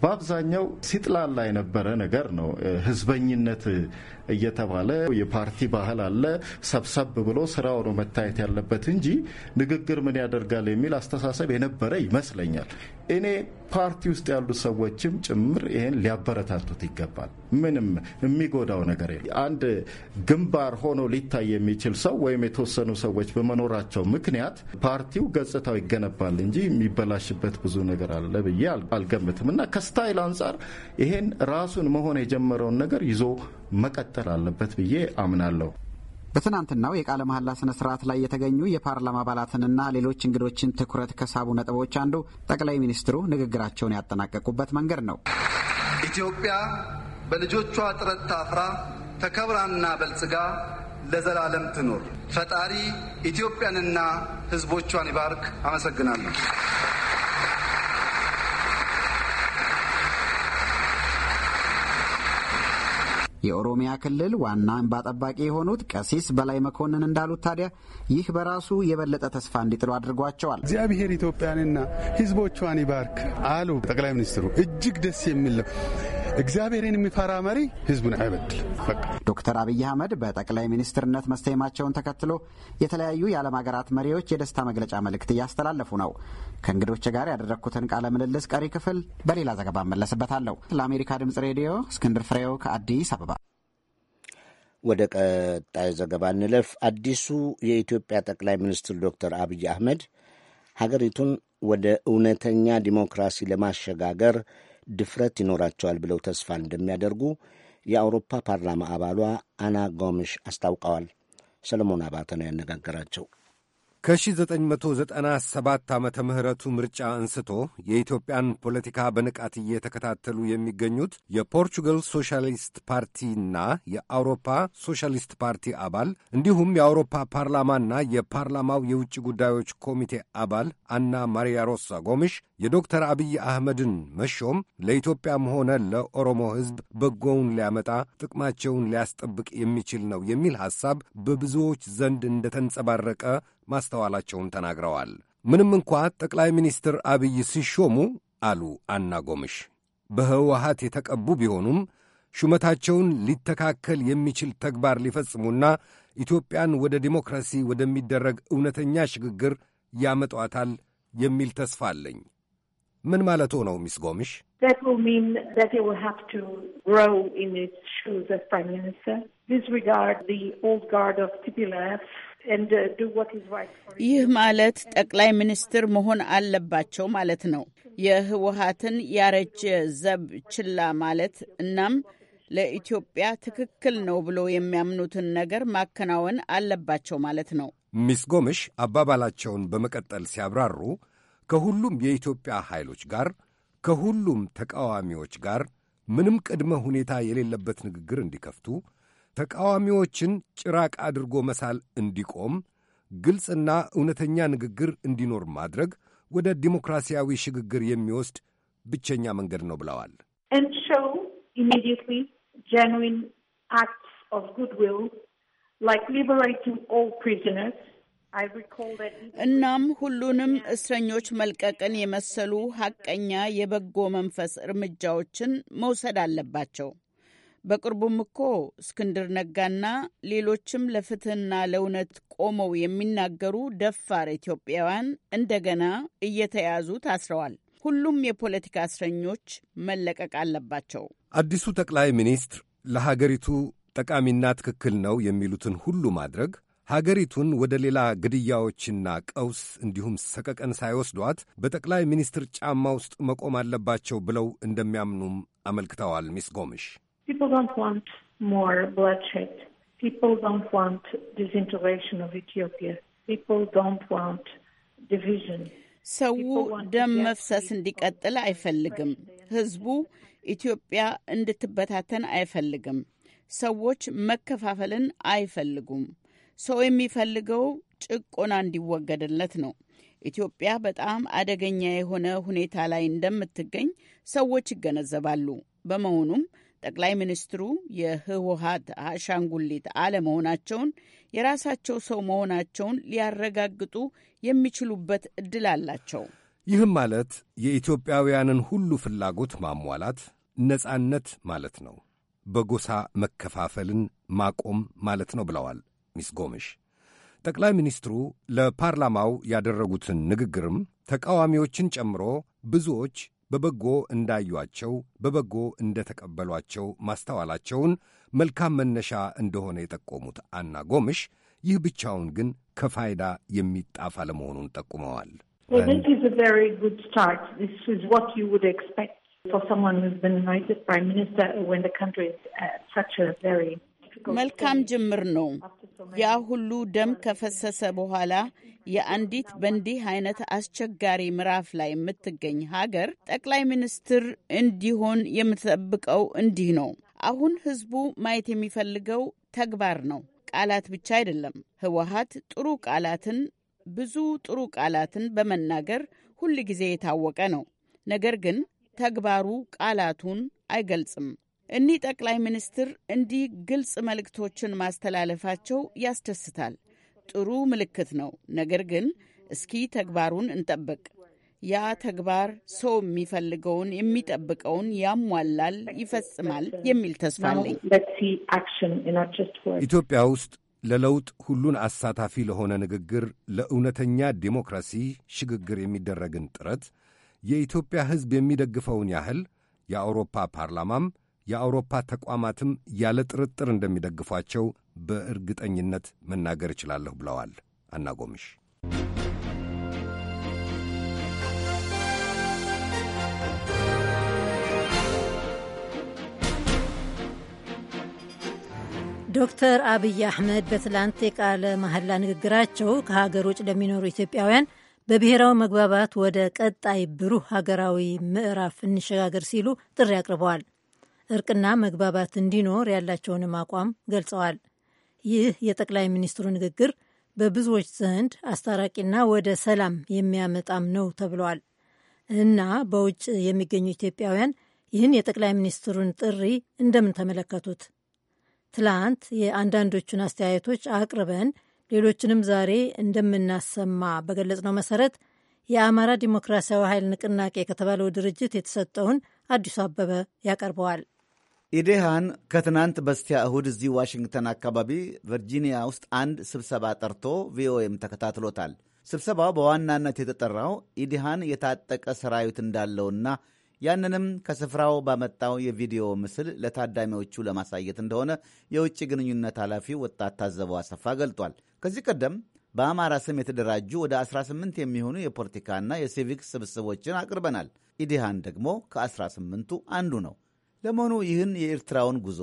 በአብዛኛው ሲጥላላ የነበረ ነገር ነው። ህዝበኝነት እየተባለ የፓርቲ ባህል አለ። ሰብሰብ ብሎ ስራው ነው መታየት ያለበት እንጂ ንግግር ምን ያደርጋል የሚል አስተሳሰብ የነበረ ይመስለኛል። እኔ ፓርቲ ውስጥ ያሉ ሰዎችም ጭምር ይህን ሊያበረታቱት ይገባል። ምንም የሚጎዳው ነገር የለም። አንድ ግንባር ሆኖ ሊታይ የሚችል ሰው ወይም የተወሰኑ ሰዎች በመኖራቸው ምክንያት ፓርቲው ገጽታው ይገነባል እንጂ የሚበላሽበት ብዙ ነገር አለ ብዬ አልገምትም እና ከስታይል አንጻር ይሄን ራሱን መሆን የጀመረውን ነገር ይዞ መቀጠል አለበት ብዬ አምናለሁ። በትናንትናው የቃለ መሐላ ስነ ስርዓት ላይ የተገኙ የፓርላማ አባላትንና ሌሎች እንግዶችን ትኩረት ከሳቡ ነጥቦች አንዱ ጠቅላይ ሚኒስትሩ ንግግራቸውን ያጠናቀቁበት መንገድ ነው። ኢትዮጵያ በልጆቿ ጥረት ታፍራ ተከብራና በልጽጋ ለዘላለም ትኖር። ፈጣሪ ኢትዮጵያንና ሕዝቦቿን ይባርክ። አመሰግናለሁ። የኦሮሚያ ክልል ዋና እንባ ጠባቂ የሆኑት ቀሲስ በላይ መኮንን እንዳሉት ታዲያ ይህ በራሱ የበለጠ ተስፋ እንዲጥሉ አድርጓቸዋል። እግዚአብሔር ኢትዮጵያንና ሕዝቦቿን ይባርክ አሉ ጠቅላይ ሚኒስትሩ። እጅግ ደስ የሚል ነው። እግዚአብሔርን የሚፈራ መሪ ህዝቡን አይበድል። ዶክተር አብይ አህመድ በጠቅላይ ሚኒስትርነት መሰየማቸውን ተከትሎ የተለያዩ የዓለም ሀገራት መሪዎች የደስታ መግለጫ መልእክት እያስተላለፉ ነው። ከእንግዶች ጋር ያደረግኩትን ቃለ ምልልስ ቀሪ ክፍል በሌላ ዘገባ እመለስበታለሁ። ለአሜሪካ ድምጽ ሬዲዮ እስክንድር ፍሬው ከአዲስ አበባ። ወደ ቀጣይ ዘገባ እንለፍ። አዲሱ የኢትዮጵያ ጠቅላይ ሚኒስትር ዶክተር አብይ አህመድ ሀገሪቱን ወደ እውነተኛ ዲሞክራሲ ለማሸጋገር ድፍረት ይኖራቸዋል ብለው ተስፋ እንደሚያደርጉ የአውሮፓ ፓርላማ አባሏ አና ጎምሽ አስታውቀዋል። ሰለሞን አባተ ነው ያነጋገራቸው። ከ1997 ዓመተ ምህረቱ ምርጫ አንስቶ የኢትዮጵያን ፖለቲካ በንቃት እየተከታተሉ የሚገኙት የፖርቹጋል ሶሻሊስት ፓርቲና የአውሮፓ ሶሻሊስት ፓርቲ አባል እንዲሁም የአውሮፓ ፓርላማና የፓርላማው የውጭ ጉዳዮች ኮሚቴ አባል አና ማሪያ ሮሳ ጎምሽ የዶክተር አብይ አህመድን መሾም ለኢትዮጵያም ሆነ ለኦሮሞ ሕዝብ በጎውን ሊያመጣ ጥቅማቸውን ሊያስጠብቅ የሚችል ነው የሚል ሐሳብ በብዙዎች ዘንድ እንደተንጸባረቀ ማስተዋላቸውን ተናግረዋል። ምንም እንኳ ጠቅላይ ሚኒስትር አብይ ሲሾሙ አሉ አና ጎምሽ በህወሀት የተቀቡ ቢሆኑም ሹመታቸውን ሊተካከል የሚችል ተግባር ሊፈጽሙና ኢትዮጵያን ወደ ዲሞክራሲ ወደሚደረግ እውነተኛ ሽግግር ያመጧታል የሚል ተስፋ አለኝ። ምን ማለት ነው ሚስ ጎሚሽ? Uh, ይህ ማለት ጠቅላይ ሚኒስትር መሆን አለባቸው ማለት ነው። የህወሀትን ያረጀ ዘብ ችላ ማለት እናም ለኢትዮጵያ ትክክል ነው ብሎ የሚያምኑትን ነገር ማከናወን አለባቸው ማለት ነው። ሚስ ጎምሽ አባባላቸውን በመቀጠል ሲያብራሩ ከሁሉም የኢትዮጵያ ኃይሎች ጋር ከሁሉም ተቃዋሚዎች ጋር ምንም ቅድመ ሁኔታ የሌለበት ንግግር እንዲከፍቱ፣ ተቃዋሚዎችን ጭራቅ አድርጎ መሳል እንዲቆም፣ ግልጽና እውነተኛ ንግግር እንዲኖር ማድረግ ወደ ዲሞክራሲያዊ ሽግግር የሚወስድ ብቸኛ መንገድ ነው ብለዋል። ጀንዊን አክትስ ኦፍ ጉድዊል ላይክ ሊበሬቲንግ ኦል ፕሪዝነርስ እናም ሁሉንም እስረኞች መልቀቅን የመሰሉ ሀቀኛ የበጎ መንፈስ እርምጃዎችን መውሰድ አለባቸው። በቅርቡም እኮ እስክንድር ነጋና ሌሎችም ለፍትህና ለእውነት ቆመው የሚናገሩ ደፋር ኢትዮጵያውያን እንደገና እየተያዙ ታስረዋል። ሁሉም የፖለቲካ እስረኞች መለቀቅ አለባቸው። አዲሱ ጠቅላይ ሚኒስትር ለሀገሪቱ ጠቃሚና ትክክል ነው የሚሉትን ሁሉ ማድረግ ሀገሪቱን ወደ ሌላ ግድያዎችና ቀውስ እንዲሁም ሰቀቀን ሳይወስዷት በጠቅላይ ሚኒስትር ጫማ ውስጥ መቆም አለባቸው ብለው እንደሚያምኑም አመልክተዋል። ሚስ ጎምሽ ሰው ደም መፍሰስ እንዲቀጥል አይፈልግም። ህዝቡ ኢትዮጵያ እንድትበታተን አይፈልግም። ሰዎች መከፋፈልን አይፈልጉም። ሰው የሚፈልገው ጭቆና እንዲወገድለት ነው። ኢትዮጵያ በጣም አደገኛ የሆነ ሁኔታ ላይ እንደምትገኝ ሰዎች ይገነዘባሉ። በመሆኑም ጠቅላይ ሚኒስትሩ የህወሀት አሻንጉሊት አለመሆናቸውን የራሳቸው ሰው መሆናቸውን ሊያረጋግጡ የሚችሉበት እድል አላቸው። ይህም ማለት የኢትዮጵያውያንን ሁሉ ፍላጎት ማሟላት ነጻነት ማለት ነው። በጎሳ መከፋፈልን ማቆም ማለት ነው ብለዋል ሚስ ጎምሽ ጠቅላይ ሚኒስትሩ ለፓርላማው ያደረጉትን ንግግርም ተቃዋሚዎችን ጨምሮ ብዙዎች በበጎ እንዳዩአቸው በበጎ እንደተቀበሏቸው ማስተዋላቸውን መልካም መነሻ እንደሆነ የጠቆሙት አና ጎምሽ ይህ ብቻውን ግን ከፋይዳ የሚጣፍ አለመሆኑን ጠቁመዋል። መልካም ጅምር ነው። ያ ሁሉ ደም ከፈሰሰ በኋላ የአንዲት በእንዲህ አይነት አስቸጋሪ ምዕራፍ ላይ የምትገኝ ሀገር ጠቅላይ ሚኒስትር እንዲሆን የምትጠብቀው እንዲህ ነው። አሁን ህዝቡ ማየት የሚፈልገው ተግባር ነው፣ ቃላት ብቻ አይደለም። ህወሀት ጥሩ ቃላትን ብዙ ጥሩ ቃላትን በመናገር ሁል ጊዜ የታወቀ ነው። ነገር ግን ተግባሩ ቃላቱን አይገልጽም። እኒህ ጠቅላይ ሚኒስትር እንዲህ ግልጽ መልእክቶችን ማስተላለፋቸው ያስደስታል። ጥሩ ምልክት ነው። ነገር ግን እስኪ ተግባሩን እንጠብቅ። ያ ተግባር ሰው የሚፈልገውን የሚጠብቀውን ያሟላል፣ ይፈጽማል የሚል ተስፋ አለኝ። ኢትዮጵያ ውስጥ ለለውጥ ሁሉን አሳታፊ ለሆነ ንግግር፣ ለእውነተኛ ዴሞክራሲ ሽግግር የሚደረግን ጥረት የኢትዮጵያ ሕዝብ የሚደግፈውን ያህል የአውሮፓ ፓርላማም የአውሮፓ ተቋማትም ያለ ጥርጥር እንደሚደግፏቸው በእርግጠኝነት መናገር እችላለሁ ብለዋል አና ዶክተር አብይ አሕመድ በትላንት የቃለ መሐላ ንግግራቸው ከሀገር ውጭ ለሚኖሩ ኢትዮጵያውያን በብሔራዊ መግባባት ወደ ቀጣይ ብሩህ ሀገራዊ ምዕራፍ እንሸጋገር ሲሉ ጥሪ አቅርበዋል። እርቅና መግባባት እንዲኖር ያላቸውንም አቋም ገልጸዋል። ይህ የጠቅላይ ሚኒስትሩ ንግግር በብዙዎች ዘንድ አስታራቂና ወደ ሰላም የሚያመጣም ነው ተብሏል እና በውጭ የሚገኙ ኢትዮጵያውያን ይህን የጠቅላይ ሚኒስትሩን ጥሪ እንደምን ተመለከቱት? ትላንት የአንዳንዶቹን አስተያየቶች አቅርበን ሌሎችንም ዛሬ እንደምናሰማ በገለጽነው መሰረት የአማራ ዲሞክራሲያዊ ኃይል ንቅናቄ ከተባለው ድርጅት የተሰጠውን አዲሱ አበበ ያቀርበዋል። ኢዴሃን ከትናንት በስቲያ እሁድ እዚህ ዋሽንግተን አካባቢ ቨርጂኒያ ውስጥ አንድ ስብሰባ ጠርቶ ቪኦኤም ተከታትሎታል። ስብሰባው በዋናነት የተጠራው ኢዲሃን የታጠቀ ሰራዊት እንዳለውና ያንንም ከስፍራው ባመጣው የቪዲዮ ምስል ለታዳሚዎቹ ለማሳየት እንደሆነ የውጭ ግንኙነት ኃላፊው ወጣት ታዘበው አሰፋ ገልጧል። ከዚህ ቀደም በአማራ ስም የተደራጁ ወደ 18 የሚሆኑ የፖለቲካና የሲቪክ ስብስቦችን አቅርበናል። ኢዲሃን ደግሞ ከ18ቱ አንዱ ነው። ለመሆኑ ይህን የኤርትራውን ጉዞ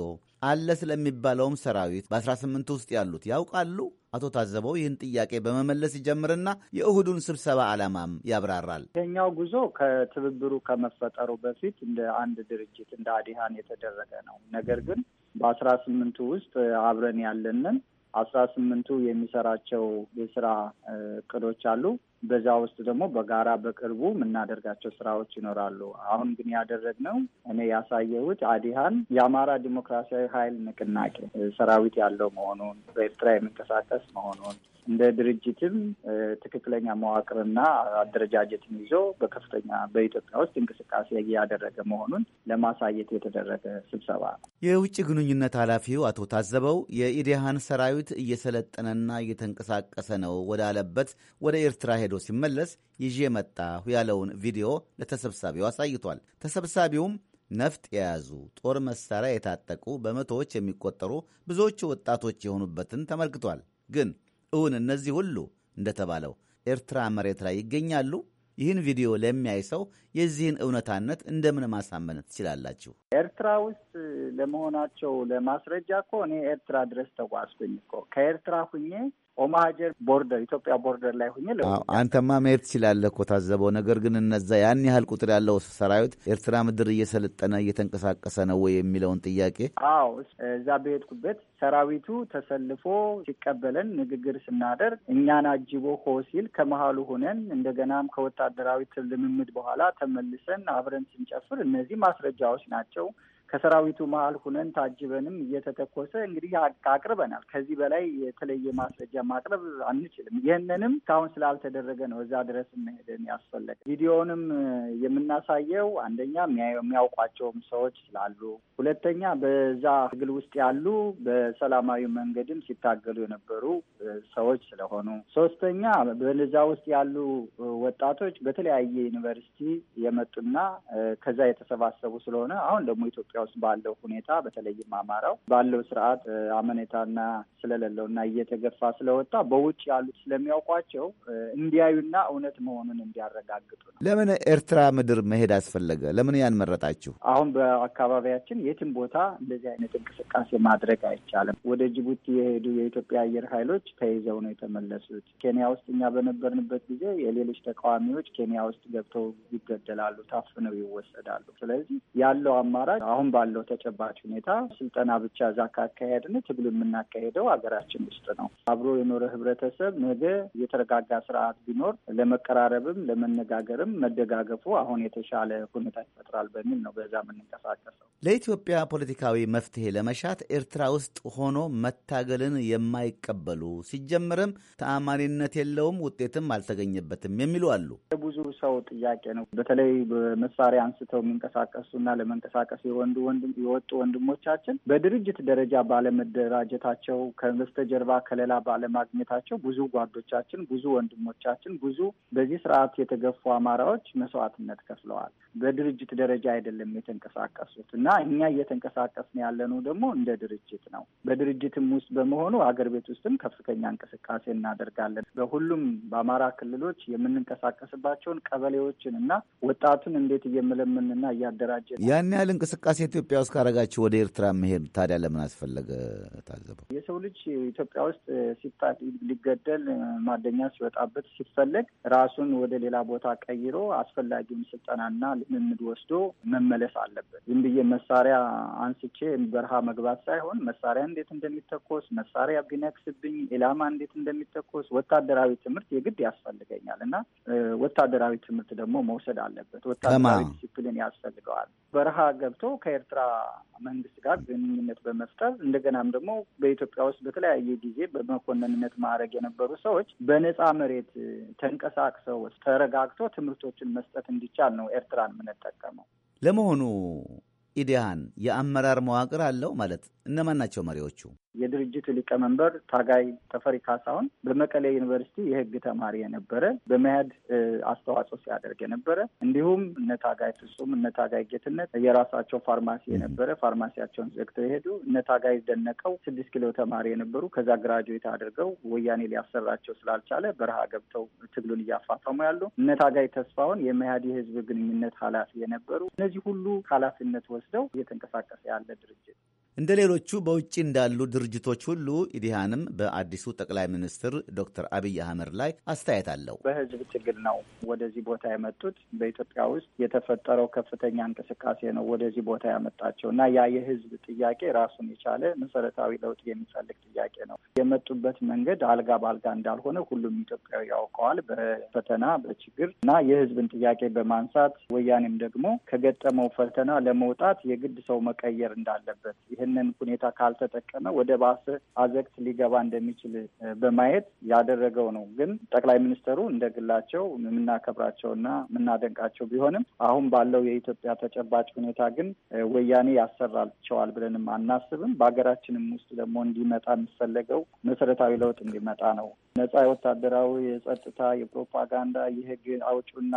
አለ ስለሚባለውም ሰራዊት በ18 ውስጥ ያሉት ያውቃሉ? አቶ ታዘበው ይህን ጥያቄ በመመለስ ይጀምርና የእሁዱን ስብሰባ ዓላማም ያብራራል። ይሄኛው ጉዞ ከትብብሩ ከመፈጠሩ በፊት እንደ አንድ ድርጅት እንደ አዲሃን የተደረገ ነው። ነገር ግን በአስራ ስምንቱ ውስጥ አብረን ያለንን አስራ ስምንቱ የሚሰራቸው የስራ እቅዶች አሉ። በዛ ውስጥ ደግሞ በጋራ በቅርቡ የምናደርጋቸው ስራዎች ይኖራሉ። አሁን ግን ያደረግነው እኔ ያሳየሁት አዲሃን የአማራ ዲሞክራሲያዊ ኃይል ንቅናቄ ሰራዊት ያለው መሆኑን በኤርትራ የሚንቀሳቀስ መሆኑን እንደ ድርጅትም ትክክለኛ መዋቅርና አደረጃጀትን ይዞ በከፍተኛ በኢትዮጵያ ውስጥ እንቅስቃሴ እያደረገ መሆኑን ለማሳየት የተደረገ ስብሰባ ነው። የውጭ ግንኙነት ኃላፊው አቶ ታዘበው የኢዲሃን ሰራዊት እየሰለጠነና እየተንቀሳቀሰ ነው ወዳለበት ወደ ኤርትራ ሄዶ ሲመለስ ይዤ መጣሁ ያለውን ቪዲዮ ለተሰብሳቢው አሳይቷል። ተሰብሳቢውም ነፍጥ የያዙ ጦር መሳሪያ የታጠቁ በመቶዎች የሚቆጠሩ ብዙዎቹ ወጣቶች የሆኑበትን ተመልክቷል። ግን እውን እነዚህ ሁሉ እንደተባለው ኤርትራ መሬት ላይ ይገኛሉ? ይህን ቪዲዮ ለሚያይ ሰው የዚህን እውነታነት እንደምን ማሳመን ትችላላችሁ? ኤርትራ ውስጥ ለመሆናቸው ለማስረጃ እኮ እኔ ኤርትራ ድረስ ተጓዝኩኝ እኮ ከኤርትራ ሁኜ ኦማሀጀር ቦርደር ኢትዮጵያ ቦርደር ላይ ሆኜ አንተማ መሄድ ትችላለህ እኮ ታዘበው። ነገር ግን እነዛ ያን ያህል ቁጥር ያለው ሰራዊት ኤርትራ ምድር እየሰለጠነ እየተንቀሳቀሰ ነው ወይ የሚለውን ጥያቄ። አዎ እዛ በሄድኩበት ሰራዊቱ ተሰልፎ ሲቀበለን ንግግር ስናደርግ እኛን አጅቦ ሆ ሲል ከመሀሉ ሆነን እንደገናም ከወታደራዊ ልምምድ በኋላ ተመልሰን አብረን ስንጨፍር እነዚህ ማስረጃዎች ናቸው። ከሰራዊቱ መሀል ሁነን ታጅበንም እየተተኮሰ እንግዲህ አቅርበናል። ከዚህ በላይ የተለየ ማስረጃ ማቅረብ አንችልም። ይህንንም እስካሁን ስላልተደረገ ነው እዛ ድረስ መሄድን ያስፈለገ። ቪዲዮንም የምናሳየው አንደኛ የሚያውቋቸውም ሰዎች ስላሉ፣ ሁለተኛ በዛ ትግል ውስጥ ያሉ በሰላማዊ መንገድም ሲታገሉ የነበሩ ሰዎች ስለሆኑ፣ ሶስተኛ በዛ ውስጥ ያሉ ወጣቶች በተለያየ ዩኒቨርሲቲ የመጡና ከዛ የተሰባሰቡ ስለሆነ አሁን ደግሞ ኢትዮጵያ ውስጥ ባለው ሁኔታ በተለይም አማራው ባለው ስርዓት አመኔታና ስለሌለውና እየተገፋ ስለወጣ በውጭ ያሉት ስለሚያውቋቸው እንዲያዩና እውነት መሆኑን እንዲያረጋግጡ ነው። ለምን ኤርትራ ምድር መሄድ አስፈለገ? ለምን ያን መረጣችሁ? አሁን በአካባቢያችን የትም ቦታ እንደዚህ አይነት እንቅስቃሴ ማድረግ አይቻልም። ወደ ጅቡቲ የሄዱ የኢትዮጵያ አየር ኃይሎች ተይዘው ነው የተመለሱት። ኬንያ ውስጥ እኛ በነበርንበት ጊዜ የሌሎች ተቃዋሚዎች ኬንያ ውስጥ ገብተው ይገደላሉ፣ ታፍነው ይወሰዳሉ። ስለዚህ ያለው አማራጭ አሁን ባለው ተጨባጭ ሁኔታ ስልጠና ብቻ እዛ ካካሄድን ትግሉ የምናካሄደው ሀገራችን ውስጥ ነው። አብሮ የኖረ ህብረተሰብ ነገ የተረጋጋ ስርዓት ቢኖር ለመቀራረብም ለመነጋገርም መደጋገፉ አሁን የተሻለ ሁኔታ ይፈጥራል በሚል ነው በዛ የምንንቀሳቀሰው። ለኢትዮጵያ ፖለቲካዊ መፍትሄ ለመሻት ኤርትራ ውስጥ ሆኖ መታገልን የማይቀበሉ ሲጀምርም ተአማኒነት የለውም፣ ውጤትም አልተገኘበትም የሚሉ አሉ። ሰው ጥያቄ ነው። በተለይ መሳሪያ አንስተው የሚንቀሳቀሱና ለመንቀሳቀስ የሆኑ አንዳንድ ወንድም የወጡ ወንድሞቻችን በድርጅት ደረጃ ባለመደራጀታቸው ከበስተጀርባ ከሌላ ባለማግኘታቸው ብዙ ጓዶቻችን፣ ብዙ ወንድሞቻችን፣ ብዙ በዚህ ስርዓት የተገፉ አማራዎች መስዋዕትነት ከፍለዋል። በድርጅት ደረጃ አይደለም የተንቀሳቀሱት እና እኛ እየተንቀሳቀስን ያለነው ደግሞ እንደ ድርጅት ነው። በድርጅትም ውስጥ በመሆኑ አገር ቤት ውስጥም ከፍተኛ እንቅስቃሴ እናደርጋለን። በሁሉም በአማራ ክልሎች የምንንቀሳቀስባቸውን ቀበሌዎችን እና ወጣቱን እንዴት እየመለመንና እያደራጀ ያን ያህል እንቅስቃሴ ኢትዮጵያ ውስጥ ካረጋችሁ ወደ ኤርትራ መሄድ ታዲያ ለምን አስፈለገ? ታዘበው የሰው ልጅ ኢትዮጵያ ውስጥ ሲታ ሊገደል ማደኛ ሲወጣበት ሲፈለግ ራሱን ወደ ሌላ ቦታ ቀይሮ አስፈላጊውን ስልጠናና ልምምድ ወስዶ መመለስ አለበት። ዝም ብዬ መሳሪያ አንስቼ በረሃ መግባት ሳይሆን መሳሪያ እንዴት እንደሚተኮስ መሳሪያ ቢነክስብኝ ኢላማ እንዴት እንደሚተኮስ ወታደራዊ ትምህርት የግድ ያስፈልገኛል እና ወታደራዊ ትምህርት ደግሞ መውሰድ አለበት። ወታደራዊ ዲሲፕሊን ያስፈልገዋል። በረሃ ገብቶ ከ የኤርትራ መንግስት ጋር ግንኙነት በመፍጠር እንደገናም ደግሞ በኢትዮጵያ ውስጥ በተለያየ ጊዜ በመኮንንነት ማዕረግ የነበሩ ሰዎች በነፃ መሬት ተንቀሳቅሰው ተረጋግተው ትምህርቶችን መስጠት እንዲቻል ነው ኤርትራን የምንጠቀመው። ለመሆኑ ኢዲሃን የአመራር መዋቅር አለው ማለት እነማን ናቸው መሪዎቹ? የድርጅቱ ሊቀመንበር ታጋይ ተፈሪ ካሳሁን በመቀሌ ዩኒቨርሲቲ የህግ ተማሪ የነበረ በመያድ አስተዋጽኦ ሲያደርግ የነበረ እንዲሁም እነ ታጋይ ፍጹም እነ ታጋይ ጌትነት የራሳቸው ፋርማሲ የነበረ ፋርማሲያቸውን ዘግተው የሄዱ እነ ታጋይ ደነቀው ስድስት ኪሎ ተማሪ የነበሩ ከዛ ግራጁዌት አድርገው ወያኔ ሊያሰራቸው ስላልቻለ በረሃ ገብተው ትግሉን እያፋፈሙ ያሉ እነ ታጋይ ተስፋውን የመያድ የህዝብ ግንኙነት ኃላፊ የነበሩ እነዚህ ሁሉ ኃላፊነት ወስደው እየተንቀሳቀሰ ያለ ድርጅት እንደ ሌሎቹ በውጭ እንዳሉ ድርጅቶች ሁሉ ኢዲሃንም በአዲሱ ጠቅላይ ሚኒስትር ዶክተር አብይ አህመድ ላይ አስተያየት አለው። በህዝብ ትግል ነው ወደዚህ ቦታ የመጡት። በኢትዮጵያ ውስጥ የተፈጠረው ከፍተኛ እንቅስቃሴ ነው ወደዚህ ቦታ ያመጣቸው እና ያ የህዝብ ጥያቄ ራሱን የቻለ መሰረታዊ ለውጥ የሚፈልግ ጥያቄ ነው። የመጡበት መንገድ አልጋ በአልጋ እንዳልሆነ ሁሉም ኢትዮጵያዊ ያውቀዋል። በፈተና በችግር እና የህዝብን ጥያቄ በማንሳት ወያኔም ደግሞ ከገጠመው ፈተና ለመውጣት የግድ ሰው መቀየር እንዳለበት ይህንን ሁኔታ ካልተጠቀመ ወደ ባሰ አዘቅት ሊገባ እንደሚችል በማየት ያደረገው ነው። ግን ጠቅላይ ሚኒስተሩ እንደ ግላቸው የምናከብራቸውና የምናደንቃቸው ቢሆንም አሁን ባለው የኢትዮጵያ ተጨባጭ ሁኔታ ግን ወያኔ ያሰራቸዋል ብለንም አናስብም። በሀገራችንም ውስጥ ደግሞ እንዲመጣ የሚፈለገው መሰረታዊ ለውጥ እንዲመጣ ነው። ነጻ የወታደራዊ የጸጥታ፣ የፕሮፓጋንዳ፣ የህግ አውጪና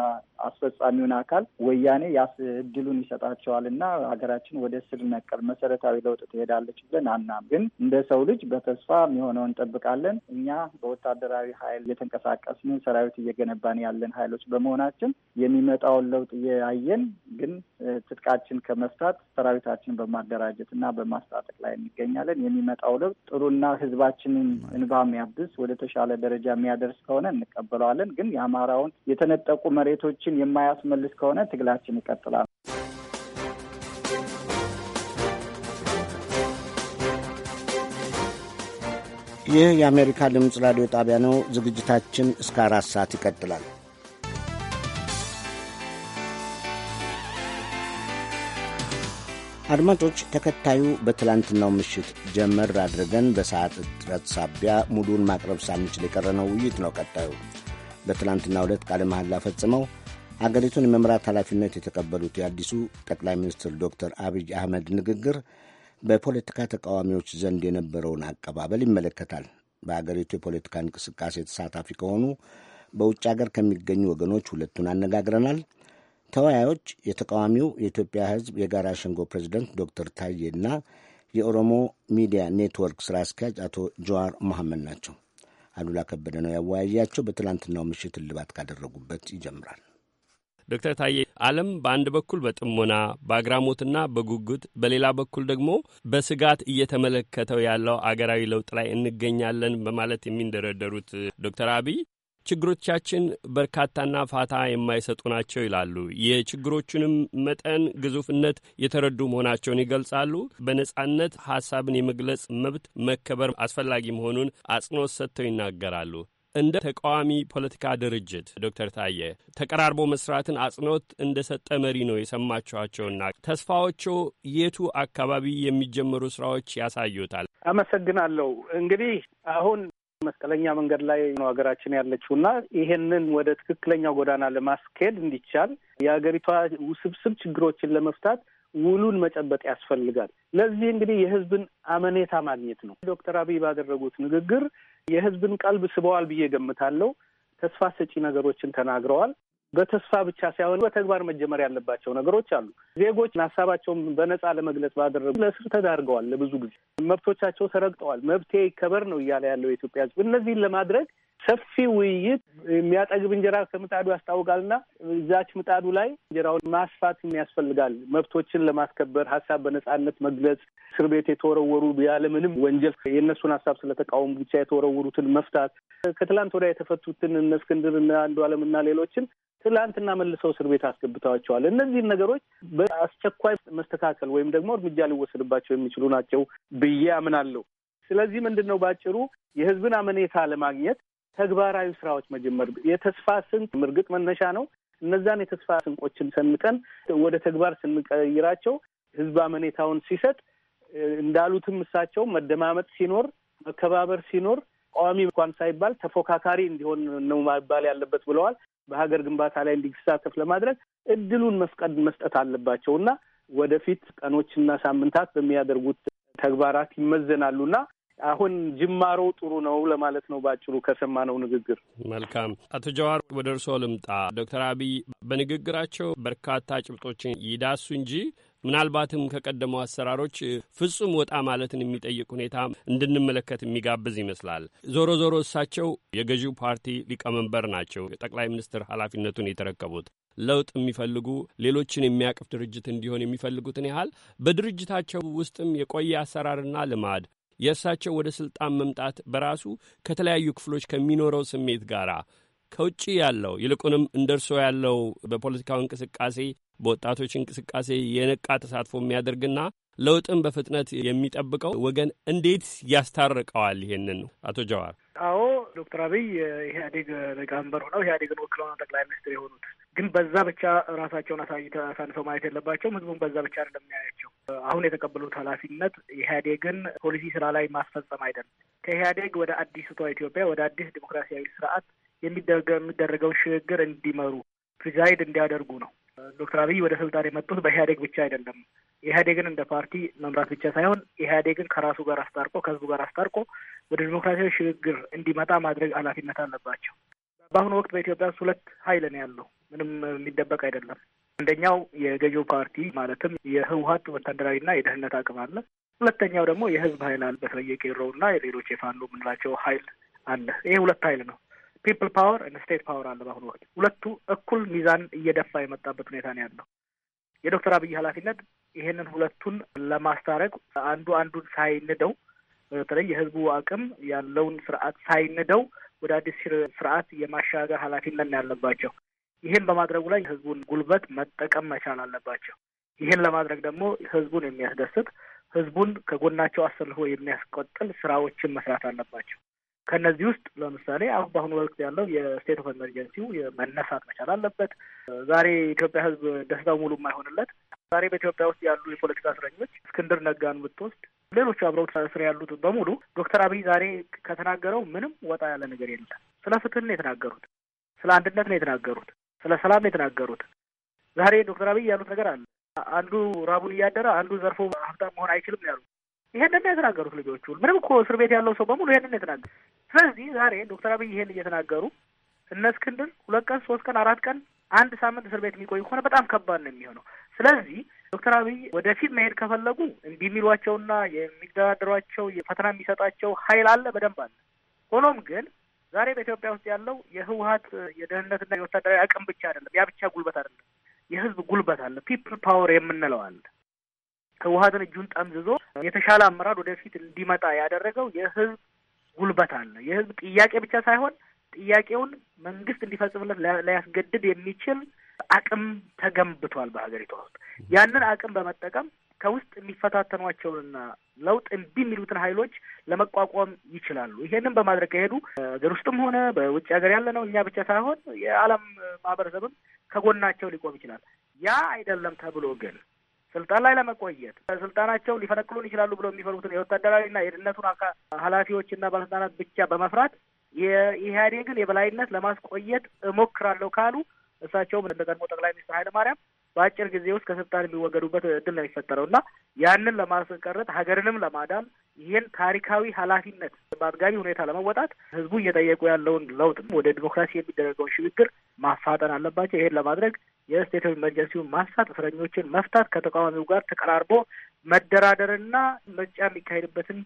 አስፈጻሚውን አካል ወያኔ ያስ እድሉን ይሰጣቸዋል እና ሀገራችን ወደ ስር ነቀል መሰረታዊ ለውጥ ትሄዳለች ብለን አናም ግን እንደ ሰው ልጅ በተስፋ የሚሆነው እንጠብቃለን። እኛ በወታደራዊ ኃይል እየተንቀሳቀስን ሰራዊት እየገነባን ያለን ኃይሎች በመሆናችን የሚመጣውን ለውጥ እያየን ግን ትጥቃችን ከመፍታት ሰራዊታችን በማደራጀት እና በማስታጠቅ ላይ እንገኛለን። የሚመጣው ለውጥ ጥሩና ህዝባችንን እንባ የሚያብስ ወደ ተሻለ ደረጃ የሚያደርስ ከሆነ እንቀበለዋለን። ግን የአማራውን የተነጠቁ መሬቶችን የማያስመልስ ከሆነ ትግላችን ይቀጥላል። ይህ የአሜሪካ ድምፅ ራዲዮ ጣቢያ ነው። ዝግጅታችን እስከ አራት ሰዓት ይቀጥላል። አድማጮች፣ ተከታዩ በትላንትናው ምሽት ጀመር አድርገን በሰዓት እጥረት ሳቢያ ሙሉውን ማቅረብ ሳንችል የቀረነው ውይይት ነው። ቀጣዩ በትላንትና ዕለት ቃለ መሐላ ፈጽመው አገሪቱን የመምራት ኃላፊነት የተቀበሉት የአዲሱ ጠቅላይ ሚኒስትር ዶክተር አብይ አህመድ ንግግር በፖለቲካ ተቃዋሚዎች ዘንድ የነበረውን አቀባበል ይመለከታል። በአገሪቱ የፖለቲካ እንቅስቃሴ ተሳታፊ ከሆኑ በውጭ ሀገር ከሚገኙ ወገኖች ሁለቱን አነጋግረናል። ተወያዮች የተቃዋሚው የኢትዮጵያ ሕዝብ የጋራ ሸንጎ ፕሬዚደንት ዶክተር ታዬ እና የኦሮሞ ሚዲያ ኔትወርክ ስራ አስኪያጅ አቶ ጀዋር መሐመድ ናቸው። አሉላ ከበደ ነው ያወያያቸው። በትላንትናው ምሽት እልባት ካደረጉበት ይጀምራል። ዶክተር ታዬ ዓለም በአንድ በኩል በጥሞና በአግራሞትና በጉጉት በሌላ በኩል ደግሞ በስጋት እየተመለከተው ያለው አገራዊ ለውጥ ላይ እንገኛለን በማለት የሚንደረደሩት ዶክተር አብይ ችግሮቻችን በርካታና ፋታ የማይሰጡ ናቸው ይላሉ። የችግሮቹንም መጠን ግዙፍነት የተረዱ መሆናቸውን ይገልጻሉ። በነጻነት ሀሳብን የመግለጽ መብት መከበር አስፈላጊ መሆኑን አጽንኦት ሰጥተው ይናገራሉ። እንደ ተቃዋሚ ፖለቲካ ድርጅት ዶክተር ታየ ተቀራርቦ መስራትን አጽንኦት እንደ ሰጠ መሪ ነው የሰማችኋቸውና ተስፋዎቹ የቱ አካባቢ የሚጀመሩ ስራዎች ያሳዩታል? አመሰግናለሁ። እንግዲህ አሁን መስቀለኛ መንገድ ላይ ነው ሀገራችን ያለችውና ይሄንን ወደ ትክክለኛ ጎዳና ለማስኬድ እንዲቻል የሀገሪቷ ውስብስብ ችግሮችን ለመፍታት ውሉን መጨበጥ ያስፈልጋል። ለዚህ እንግዲህ የህዝብን አመኔታ ማግኘት ነው። ዶክተር አብይ ባደረጉት ንግግር የህዝብን ቀልብ ስበዋል ብዬ ገምታለሁ። ተስፋ ሰጪ ነገሮችን ተናግረዋል። በተስፋ ብቻ ሳይሆን በተግባር መጀመር ያለባቸው ነገሮች አሉ። ዜጎች ሀሳባቸውን በነፃ ለመግለጽ ባደረጉ ለእስር ተዳርገዋል። ለብዙ ጊዜ መብቶቻቸው ተረግጠዋል። መብቴ ይከበር ነው እያለ ያለው የኢትዮጵያ ህዝብ። እነዚህን ለማድረግ ሰፊ ውይይት የሚያጠግብ እንጀራ ከምጣዱ ያስታውቃልና እዛች ምጣዱ ላይ እንጀራውን ማስፋት ያስፈልጋል። መብቶችን ለማስከበር ሀሳብ በነጻነት መግለጽ፣ እስር ቤት የተወረወሩ ያለምንም ወንጀል የእነሱን ሀሳብ ስለተቃወሙ ብቻ የተወረወሩትን መፍታት፣ ከትላንት ወዲያ የተፈቱትን እነ እስክንድርና አንዱዓለምና ሌሎችን ትላንትና መልሰው እስር ቤት አስገብተዋቸዋል። እነዚህን ነገሮች በአስቸኳይ መስተካከል ወይም ደግሞ እርምጃ ሊወሰድባቸው የሚችሉ ናቸው ብዬ አምናለሁ። ስለዚህ ምንድን ነው በአጭሩ የህዝብን አመኔታ ለማግኘት ተግባራዊ ስራዎች መጀመር የተስፋ ስንቅ እርግጥ መነሻ ነው። እነዛን የተስፋ ስንቆችን ሰንቀን ወደ ተግባር ስንቀይራቸው ህዝብ አመኔታውን ሲሰጥ እንዳሉትም እሳቸው መደማመጥ ሲኖር፣ መከባበር ሲኖር ቋሚ እንኳን ሳይባል ተፎካካሪ እንዲሆን ነው ማባል ያለበት ብለዋል። በሀገር ግንባታ ላይ እንዲሳተፍ ለማድረግ እድሉን መፍቀድ መስጠት አለባቸው እና ወደፊት ቀኖችና ሳምንታት በሚያደርጉት ተግባራት ይመዘናሉና አሁን ጅማሮው ጥሩ ነው ለማለት ነው ባጭሩ ከሰማነው ንግግር። መልካም አቶ ጀዋር ወደ እርስዎ ልምጣ። ዶክተር አብይ በንግግራቸው በርካታ ጭብጦችን ይዳሱ እንጂ ምናልባትም ከቀደመው አሰራሮች ፍጹም ወጣ ማለትን የሚጠይቅ ሁኔታ እንድንመለከት የሚጋብዝ ይመስላል። ዞሮ ዞሮ እሳቸው የገዢው ፓርቲ ሊቀመንበር ናቸው። የጠቅላይ ሚኒስትር ኃላፊነቱን የተረከቡት ለውጥ የሚፈልጉ ሌሎችን የሚያቅፍ ድርጅት እንዲሆን የሚፈልጉትን ያህል በድርጅታቸው ውስጥም የቆየ አሰራርና ልማድ የእሳቸው ወደ ሥልጣን መምጣት በራሱ ከተለያዩ ክፍሎች ከሚኖረው ስሜት ጋር ከውጭ ያለው ይልቁንም እንደ እርሶ ያለው በፖለቲካው እንቅስቃሴ በወጣቶች እንቅስቃሴ የነቃ ተሳትፎ የሚያደርግና ለውጥን በፍጥነት የሚጠብቀው ወገን እንዴት ያስታርቀዋል? ይሄንን አቶ ጀዋር። አዎ ዶክተር አብይ ኢህአዴግ ሊቀመንበር ሆነው ኢህአዴግን ወክለው ነው ጠቅላይ ሚኒስትር የሆኑት። ግን በዛ ብቻ ራሳቸውን አሳንሰው ማየት የለባቸውም። ህዝቡን በዛ ብቻ አይደለም የሚያያቸው። አሁን የተቀበሉት ኃላፊነት ኢህአዴግን ፖሊሲ ስራ ላይ ማስፈጸም አይደለም። ከኢህአዴግ ወደ ቷ ኢትዮጵያ ወደ አዲስ ዲሞክራሲያዊ ስርዓት የሚደረገውን ሽግግር እንዲመሩ ፕሪዛይድ እንዲያደርጉ ነው። ዶክተር አብይ ወደ ስልጣን የመጡት በኢህአዴግ ብቻ አይደለም። ኢህአዴግን እንደ ፓርቲ መምራት ብቻ ሳይሆን ኢህአዴግን ከራሱ ጋር አስታርቆ ከህዝቡ ጋር አስታርቆ ወደ ዲሞክራሲያዊ ሽግግር እንዲመጣ ማድረግ ኃላፊነት አለባቸው። በአሁኑ ወቅት በኢትዮጵያ ውስጥ ሁለት ኃይል ነው ያለው፣ ምንም የሚደበቅ አይደለም። አንደኛው የገዢው ፓርቲ ማለትም የህወሀት ወታደራዊና የደህንነት አቅም አለ። ሁለተኛው ደግሞ የህዝብ ኃይል አለ፣ በተለየ ቄሮውና የሌሎች የፋኖ የምንላቸው ኃይል አለ። ይሄ ሁለት ኃይል ነው። ፒፕል ፓወር እና ስቴት ፓወር አለ። በአሁኑ ወቅት ሁለቱ እኩል ሚዛን እየደፋ የመጣበት ሁኔታ ነው ያለው። የዶክተር አብይ ኃላፊነት ይሄንን ሁለቱን ለማስታረቅ አንዱ አንዱን ሳይንደው በተለይ የህዝቡ አቅም ያለውን ስርዓት ሳይንደው ወደ አዲስ ስርዓት የማሻገር ኃላፊነት ነው ያለባቸው። ይህን በማድረጉ ላይ ህዝቡን ጉልበት መጠቀም መቻል አለባቸው። ይህን ለማድረግ ደግሞ ህዝቡን የሚያስደስት ህዝቡን ከጎናቸው አሰልፎ የሚያስቆጥል ስራዎችን መስራት አለባቸው። ከእነዚህ ውስጥ ለምሳሌ አሁን በአሁኑ ወቅት ያለው የስቴት ኦፍ ኤመርጀንሲው መነሳት መቻል አለበት። ዛሬ የኢትዮጵያ ሕዝብ ደስታው ሙሉ የማይሆንለት ዛሬ በኢትዮጵያ ውስጥ ያሉ የፖለቲካ እስረኞች እስክንድር ነጋን ብትወስድ፣ ሌሎቹ አብረው ስር ያሉት በሙሉ ዶክተር አብይ ዛሬ ከተናገረው ምንም ወጣ ያለ ነገር የለም። ስለ ፍትህ ነው የተናገሩት፣ ስለ አንድነት ነው የተናገሩት፣ ስለ ሰላም ነው የተናገሩት። ዛሬ ዶክተር አብይ ያሉት ነገር አለ። አንዱ ራቡን እያደረ አንዱ ዘርፎ ሀብታም መሆን አይችልም ያሉት። ይሄንን የተናገሩት ልጆቹ ምንም እኮ እስር ቤት ያለው ሰው በሙሉ ይሄንን የተናገሩ። ስለዚህ ዛሬ ዶክተር አብይ ይሄን እየተናገሩ እነ እስክንድር ሁለት ቀን ሶስት ቀን አራት ቀን አንድ ሳምንት እስር ቤት የሚቆይ ከሆነ በጣም ከባድ ነው የሚሆነው። ስለዚህ ዶክተር አብይ ወደፊት መሄድ ከፈለጉ እምቢ የሚሏቸውና የሚደራደሯቸው ፈተና የሚሰጣቸው ኃይል አለ፣ በደንብ አለ። ሆኖም ግን ዛሬ በኢትዮጵያ ውስጥ ያለው የህወሀት የደህንነትና የወታደራዊ አቅም ብቻ አይደለም፣ ያ ብቻ ጉልበት አይደለም። የህዝብ ጉልበት አለ፣ ፒፕል ፓወር የምንለው አለ። ህወሀትን እጁን ጠምዝዞ የተሻለ አመራር ወደፊት እንዲመጣ ያደረገው የህዝብ ጉልበት አለ። የህዝብ ጥያቄ ብቻ ሳይሆን ጥያቄውን መንግስት እንዲፈጽምለት ሊያስገድድ የሚችል አቅም ተገንብቷል በሀገሪቷ ውስጥ። ያንን አቅም በመጠቀም ከውስጥ የሚፈታተኗቸውንና ለውጥ እምቢ የሚሉትን ሀይሎች ለመቋቋም ይችላሉ። ይሄንን በማድረግ ከሄዱ ሀገር ውስጥም ሆነ በውጭ ሀገር ያለ ነው እኛ ብቻ ሳይሆን የዓለም ማህበረሰብም ከጎናቸው ሊቆም ይችላል። ያ አይደለም ተብሎ ግን ስልጣን ላይ ለመቆየት ስልጣናቸው ሊፈነቅሉን ይችላሉ ብለው የሚፈሩትን የወታደራዊና የደህንነቱን አካ ኃላፊዎችና ባለስልጣናት ብቻ በመፍራት የኢህአዴግን የበላይነት ለማስቆየት እሞክራለሁ ካሉ እሳቸውም እንደ ቀድሞ ጠቅላይ ሚኒስትር ኃይለማርያም በአጭር ጊዜ ውስጥ ከስልጣን የሚወገዱበት እድል ነው የሚፈጠረው እና ያንን ለማስቀረት ሀገርንም ለማዳን ይህን ታሪካዊ ኃላፊነት በአጥጋቢ ሁኔታ ለመወጣት ህዝቡ እየጠየቁ ያለውን ለውጥ ወደ ዲሞክራሲ የሚደረገውን ሽግግር ማፋጠን አለባቸው። ይሄን ለማድረግ የስቴት ኦፍ ኢመርጀንሲውን ማንሳት፣ እስረኞችን መፍታት፣ ከተቃዋሚው ጋር ተቀራርቦ መደራደርና ምርጫ የሚካሄድበትን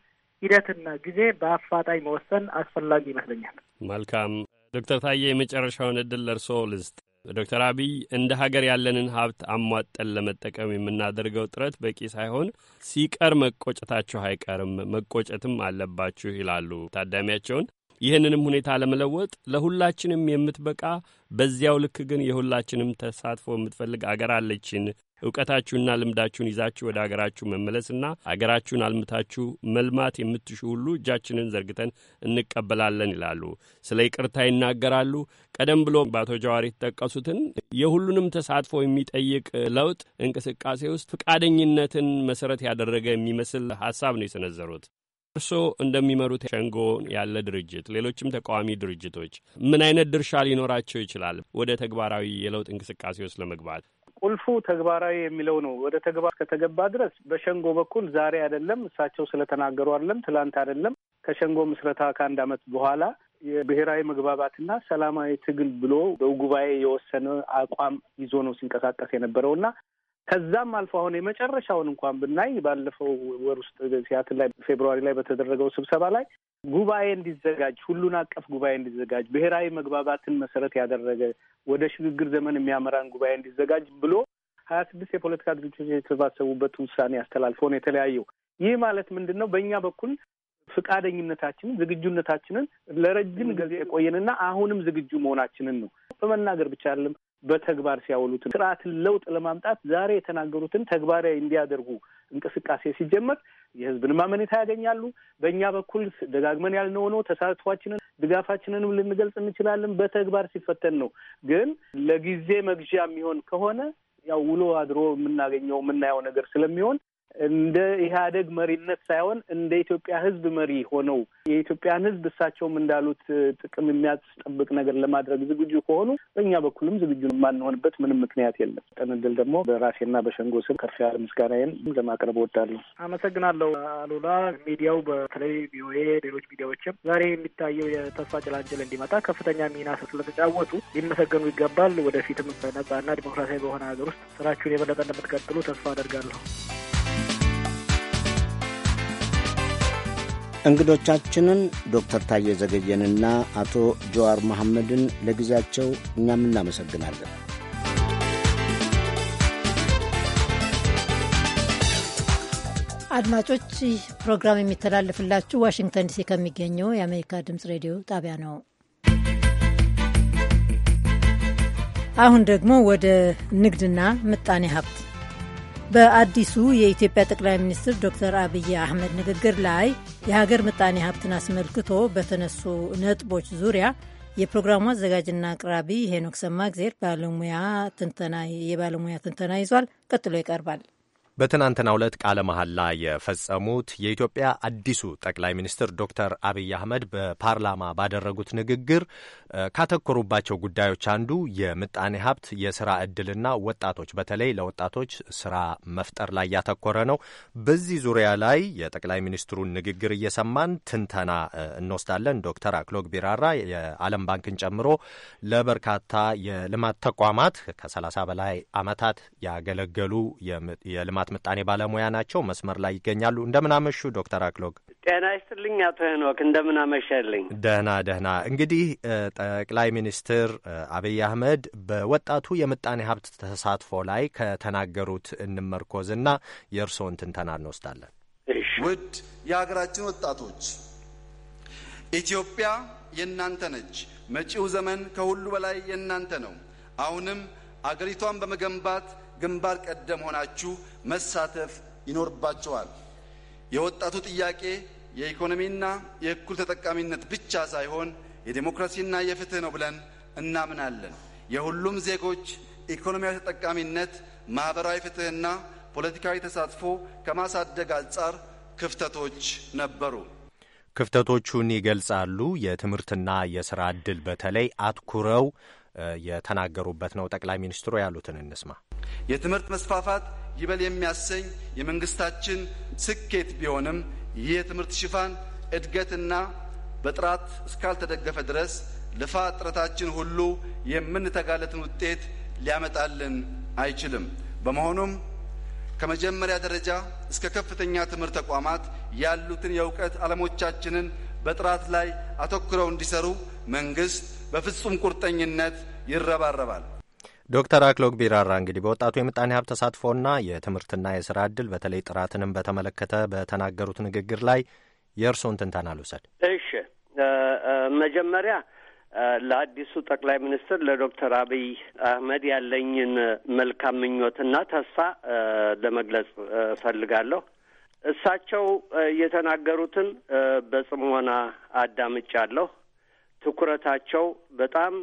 ሂደትና ጊዜ በአፋጣኝ መወሰን አስፈላጊ ይመስለኛል። መልካም ዶክተር ታዬ የመጨረሻውን እድል ለእርስዎ ልስጥ። ዶክተር አብይ እንደ ሀገር ያለንን ሀብት አሟጠን ለመጠቀም የምናደርገው ጥረት በቂ ሳይሆን ሲቀር መቆጨታችሁ አይቀርም መቆጨትም አለባችሁ ይላሉ ታዳሚያቸውን። ይህንንም ሁኔታ ለመለወጥ ለሁላችንም የምትበቃ በዚያው ልክ ግን የሁላችንም ተሳትፎ የምትፈልግ አገር አለችን። እውቀታችሁና ልምዳችሁን ይዛችሁ ወደ አገራችሁ መመለስና አገራችሁን አልምታችሁ መልማት የምትሹ ሁሉ እጃችንን ዘርግተን እንቀበላለን ይላሉ። ስለ ይቅርታ ይናገራሉ። ቀደም ብሎ በአቶ ጀዋር የተጠቀሱትን የሁሉንም ተሳትፎ የሚጠይቅ ለውጥ እንቅስቃሴ ውስጥ ፈቃደኝነትን መሰረት ያደረገ የሚመስል ሀሳብ ነው የሰነዘሩት። እርስዎ እንደሚመሩት ሸንጎ ያለ ድርጅት፣ ሌሎችም ተቃዋሚ ድርጅቶች ምን አይነት ድርሻ ሊኖራቸው ይችላል ወደ ተግባራዊ የለውጥ እንቅስቃሴ ውስጥ ለመግባት? ቁልፉ ተግባራዊ የሚለው ነው። ወደ ተግባር ከተገባ ድረስ በሸንጎ በኩል ዛሬ አይደለም እሳቸው ስለተናገሩ አይደለም፣ ትላንት አይደለም፣ ከሸንጎ ምስረታ ከአንድ ዓመት በኋላ የብሔራዊ መግባባትና ሰላማዊ ትግል ብሎ በጉባኤ የወሰነ አቋም ይዞ ነው ሲንቀሳቀስ የነበረው እና ከዛም አልፎ አሁን የመጨረሻውን እንኳን ብናይ ባለፈው ወር ውስጥ ሲያትል ላይ ፌብርዋሪ ላይ በተደረገው ስብሰባ ላይ ጉባኤ እንዲዘጋጅ ሁሉን አቀፍ ጉባኤ እንዲዘጋጅ ብሔራዊ መግባባትን መሰረት ያደረገ ወደ ሽግግር ዘመን የሚያመራን ጉባኤ እንዲዘጋጅ ብሎ ሀያ ስድስት የፖለቲካ ድርጅቶች የተሰባሰቡበት ውሳኔ አስተላልፎ ነው የተለያየው። ይህ ማለት ምንድን ነው? በእኛ በኩል ፍቃደኝነታችንን ዝግጁነታችንን ለረጅም ጊዜ የቆየንና አሁንም ዝግጁ መሆናችንን ነው። በመናገር ብቻ አይደለም በተግባር ሲያውሉት ስርዓት ለውጥ ለማምጣት ዛሬ የተናገሩትን ተግባራዊ እንዲያደርጉ እንቅስቃሴ ሲጀመር የህዝብን ማመኔታ ያገኛሉ። በእኛ በኩል ደጋግመን ያልነው ነው። ተሳትፏችንን ድጋፋችንንም ልንገልጽ እንችላለን። በተግባር ሲፈተን ነው። ግን ለጊዜ መግዣ የሚሆን ከሆነ ያው ውሎ አድሮ የምናገኘው የምናየው ነገር ስለሚሆን እንደ ኢህአደግ መሪነት ሳይሆን እንደ ኢትዮጵያ ህዝብ መሪ ሆነው የኢትዮጵያን ህዝብ እሳቸውም እንዳሉት ጥቅም የሚያስጠብቅ ነገር ለማድረግ ዝግጁ ከሆኑ በእኛ በኩልም ዝግጁ የማንሆንበት ምንም ምክንያት የለም። ጥንድል ደግሞ በራሴና በሸንጎ ስም ከፍ ያለ ምስጋናዬን ለማቅረብ እወዳለሁ። አመሰግናለሁ አሉላ። ሚዲያው በተለይ ቪኦኤ፣ ሌሎች ሚዲያዎችም ዛሬ የሚታየው የተስፋ ጭላንጭል እንዲመጣ ከፍተኛ ሚና ስለተጫወቱ ሊመሰገኑ ይገባል። ወደፊትም በነጻና ዲሞክራሲያዊ በሆነ ሀገር ውስጥ ስራችሁን የበለጠ እንደምትቀጥሉ ተስፋ አደርጋለሁ። እንግዶቻችንን ዶክተር ታዬ ዘገየንና አቶ ጀዋር መሐመድን ለጊዜያቸው እኛም እናመሰግናለን። አድማጮች ይህ ፕሮግራም የሚተላለፍላችሁ ዋሽንግተን ዲሲ ከሚገኘው የአሜሪካ ድምፅ ሬዲዮ ጣቢያ ነው። አሁን ደግሞ ወደ ንግድና ምጣኔ ሀብት። በአዲሱ የኢትዮጵያ ጠቅላይ ሚኒስትር ዶክተር አብይ አህመድ ንግግር ላይ የሀገር ምጣኔ ሀብትን አስመልክቶ በተነሱ ነጥቦች ዙሪያ የፕሮግራሙ አዘጋጅና አቅራቢ ሄኖክ ሰማግዜር የባለሙያ ትንተና ይዟል። ቀጥሎ ይቀርባል። በትናንትናው ዕለት ቃለ መሐላ የፈጸሙት የኢትዮጵያ አዲሱ ጠቅላይ ሚኒስትር ዶክተር አብይ አህመድ በፓርላማ ባደረጉት ንግግር ካተኮሩባቸው ጉዳዮች አንዱ የምጣኔ ሀብት የስራ እድልና ወጣቶች በተለይ ለወጣቶች ስራ መፍጠር ላይ ያተኮረ ነው። በዚህ ዙሪያ ላይ የጠቅላይ ሚኒስትሩን ንግግር እየሰማን ትንተና እንወስዳለን። ዶክተር አክሎግ ቢራራ የዓለም ባንክን ጨምሮ ለበርካታ የልማት ተቋማት ከሰላሳ በላይ አመታት ያገለገሉ የልማት ምጣኔ ባለሙያ ናቸው። መስመር ላይ ይገኛሉ። እንደምናመሹ ዶክተር አክሎግ ጤና ይስጥልኝ አቶ ሄኖክ እንደምን አመሸልኝ። ደህና ደህና። እንግዲህ ጠቅላይ ሚኒስትር አብይ አህመድ በወጣቱ የምጣኔ ሀብት ተሳትፎ ላይ ከተናገሩት እንመርኮዝና የእርስዎን ትንተና እንወስዳለን። ውድ የሀገራችን ወጣቶች፣ ኢትዮጵያ የእናንተ ነች። መጪው ዘመን ከሁሉ በላይ የእናንተ ነው። አሁንም አገሪቷን በመገንባት ግንባር ቀደም ሆናችሁ መሳተፍ ይኖርባችኋል። የወጣቱ ጥያቄ የኢኮኖሚና የእኩል ተጠቃሚነት ብቻ ሳይሆን የዴሞክራሲና የፍትህ ነው ብለን እናምናለን። የሁሉም ዜጎች ኢኮኖሚያዊ ተጠቃሚነት፣ ማህበራዊ ፍትህና ፖለቲካዊ ተሳትፎ ከማሳደግ አንጻር ክፍተቶች ነበሩ። ክፍተቶቹን ይገልጻሉ። የትምህርትና የስራ ዕድል በተለይ አትኩረው የተናገሩበት ነው። ጠቅላይ ሚኒስትሩ ያሉትን እንስማ። የትምህርት መስፋፋት ይበል የሚያሰኝ የመንግስታችን ስኬት ቢሆንም ይህ የትምህርት ሽፋን እድገትና በጥራት እስካልተደገፈ ድረስ ልፋ ጥረታችን ሁሉ የምንተጋለትን ውጤት ሊያመጣልን አይችልም። በመሆኑም ከመጀመሪያ ደረጃ እስከ ከፍተኛ ትምህርት ተቋማት ያሉትን የእውቀት አለሞቻችንን በጥራት ላይ አተኩረው እንዲሰሩ መንግስት በፍጹም ቁርጠኝነት ይረባረባል። ዶክተር አክሎግ ቢራራ እንግዲህ በወጣቱ የምጣኔ ሀብት ተሳትፎና የትምህርትና የስራ ዕድል በተለይ ጥራትንም በተመለከተ በተናገሩት ንግግር ላይ የእርስዎን ትንተና ልውሰድ። እሺ፣ መጀመሪያ ለአዲሱ ጠቅላይ ሚኒስትር ለዶክተር አብይ አህመድ ያለኝን መልካም ምኞትና ተስፋ ለመግለጽ እፈልጋለሁ። እሳቸው የተናገሩትን በጽሞና አዳምጫለሁ። ትኩረታቸው በጣም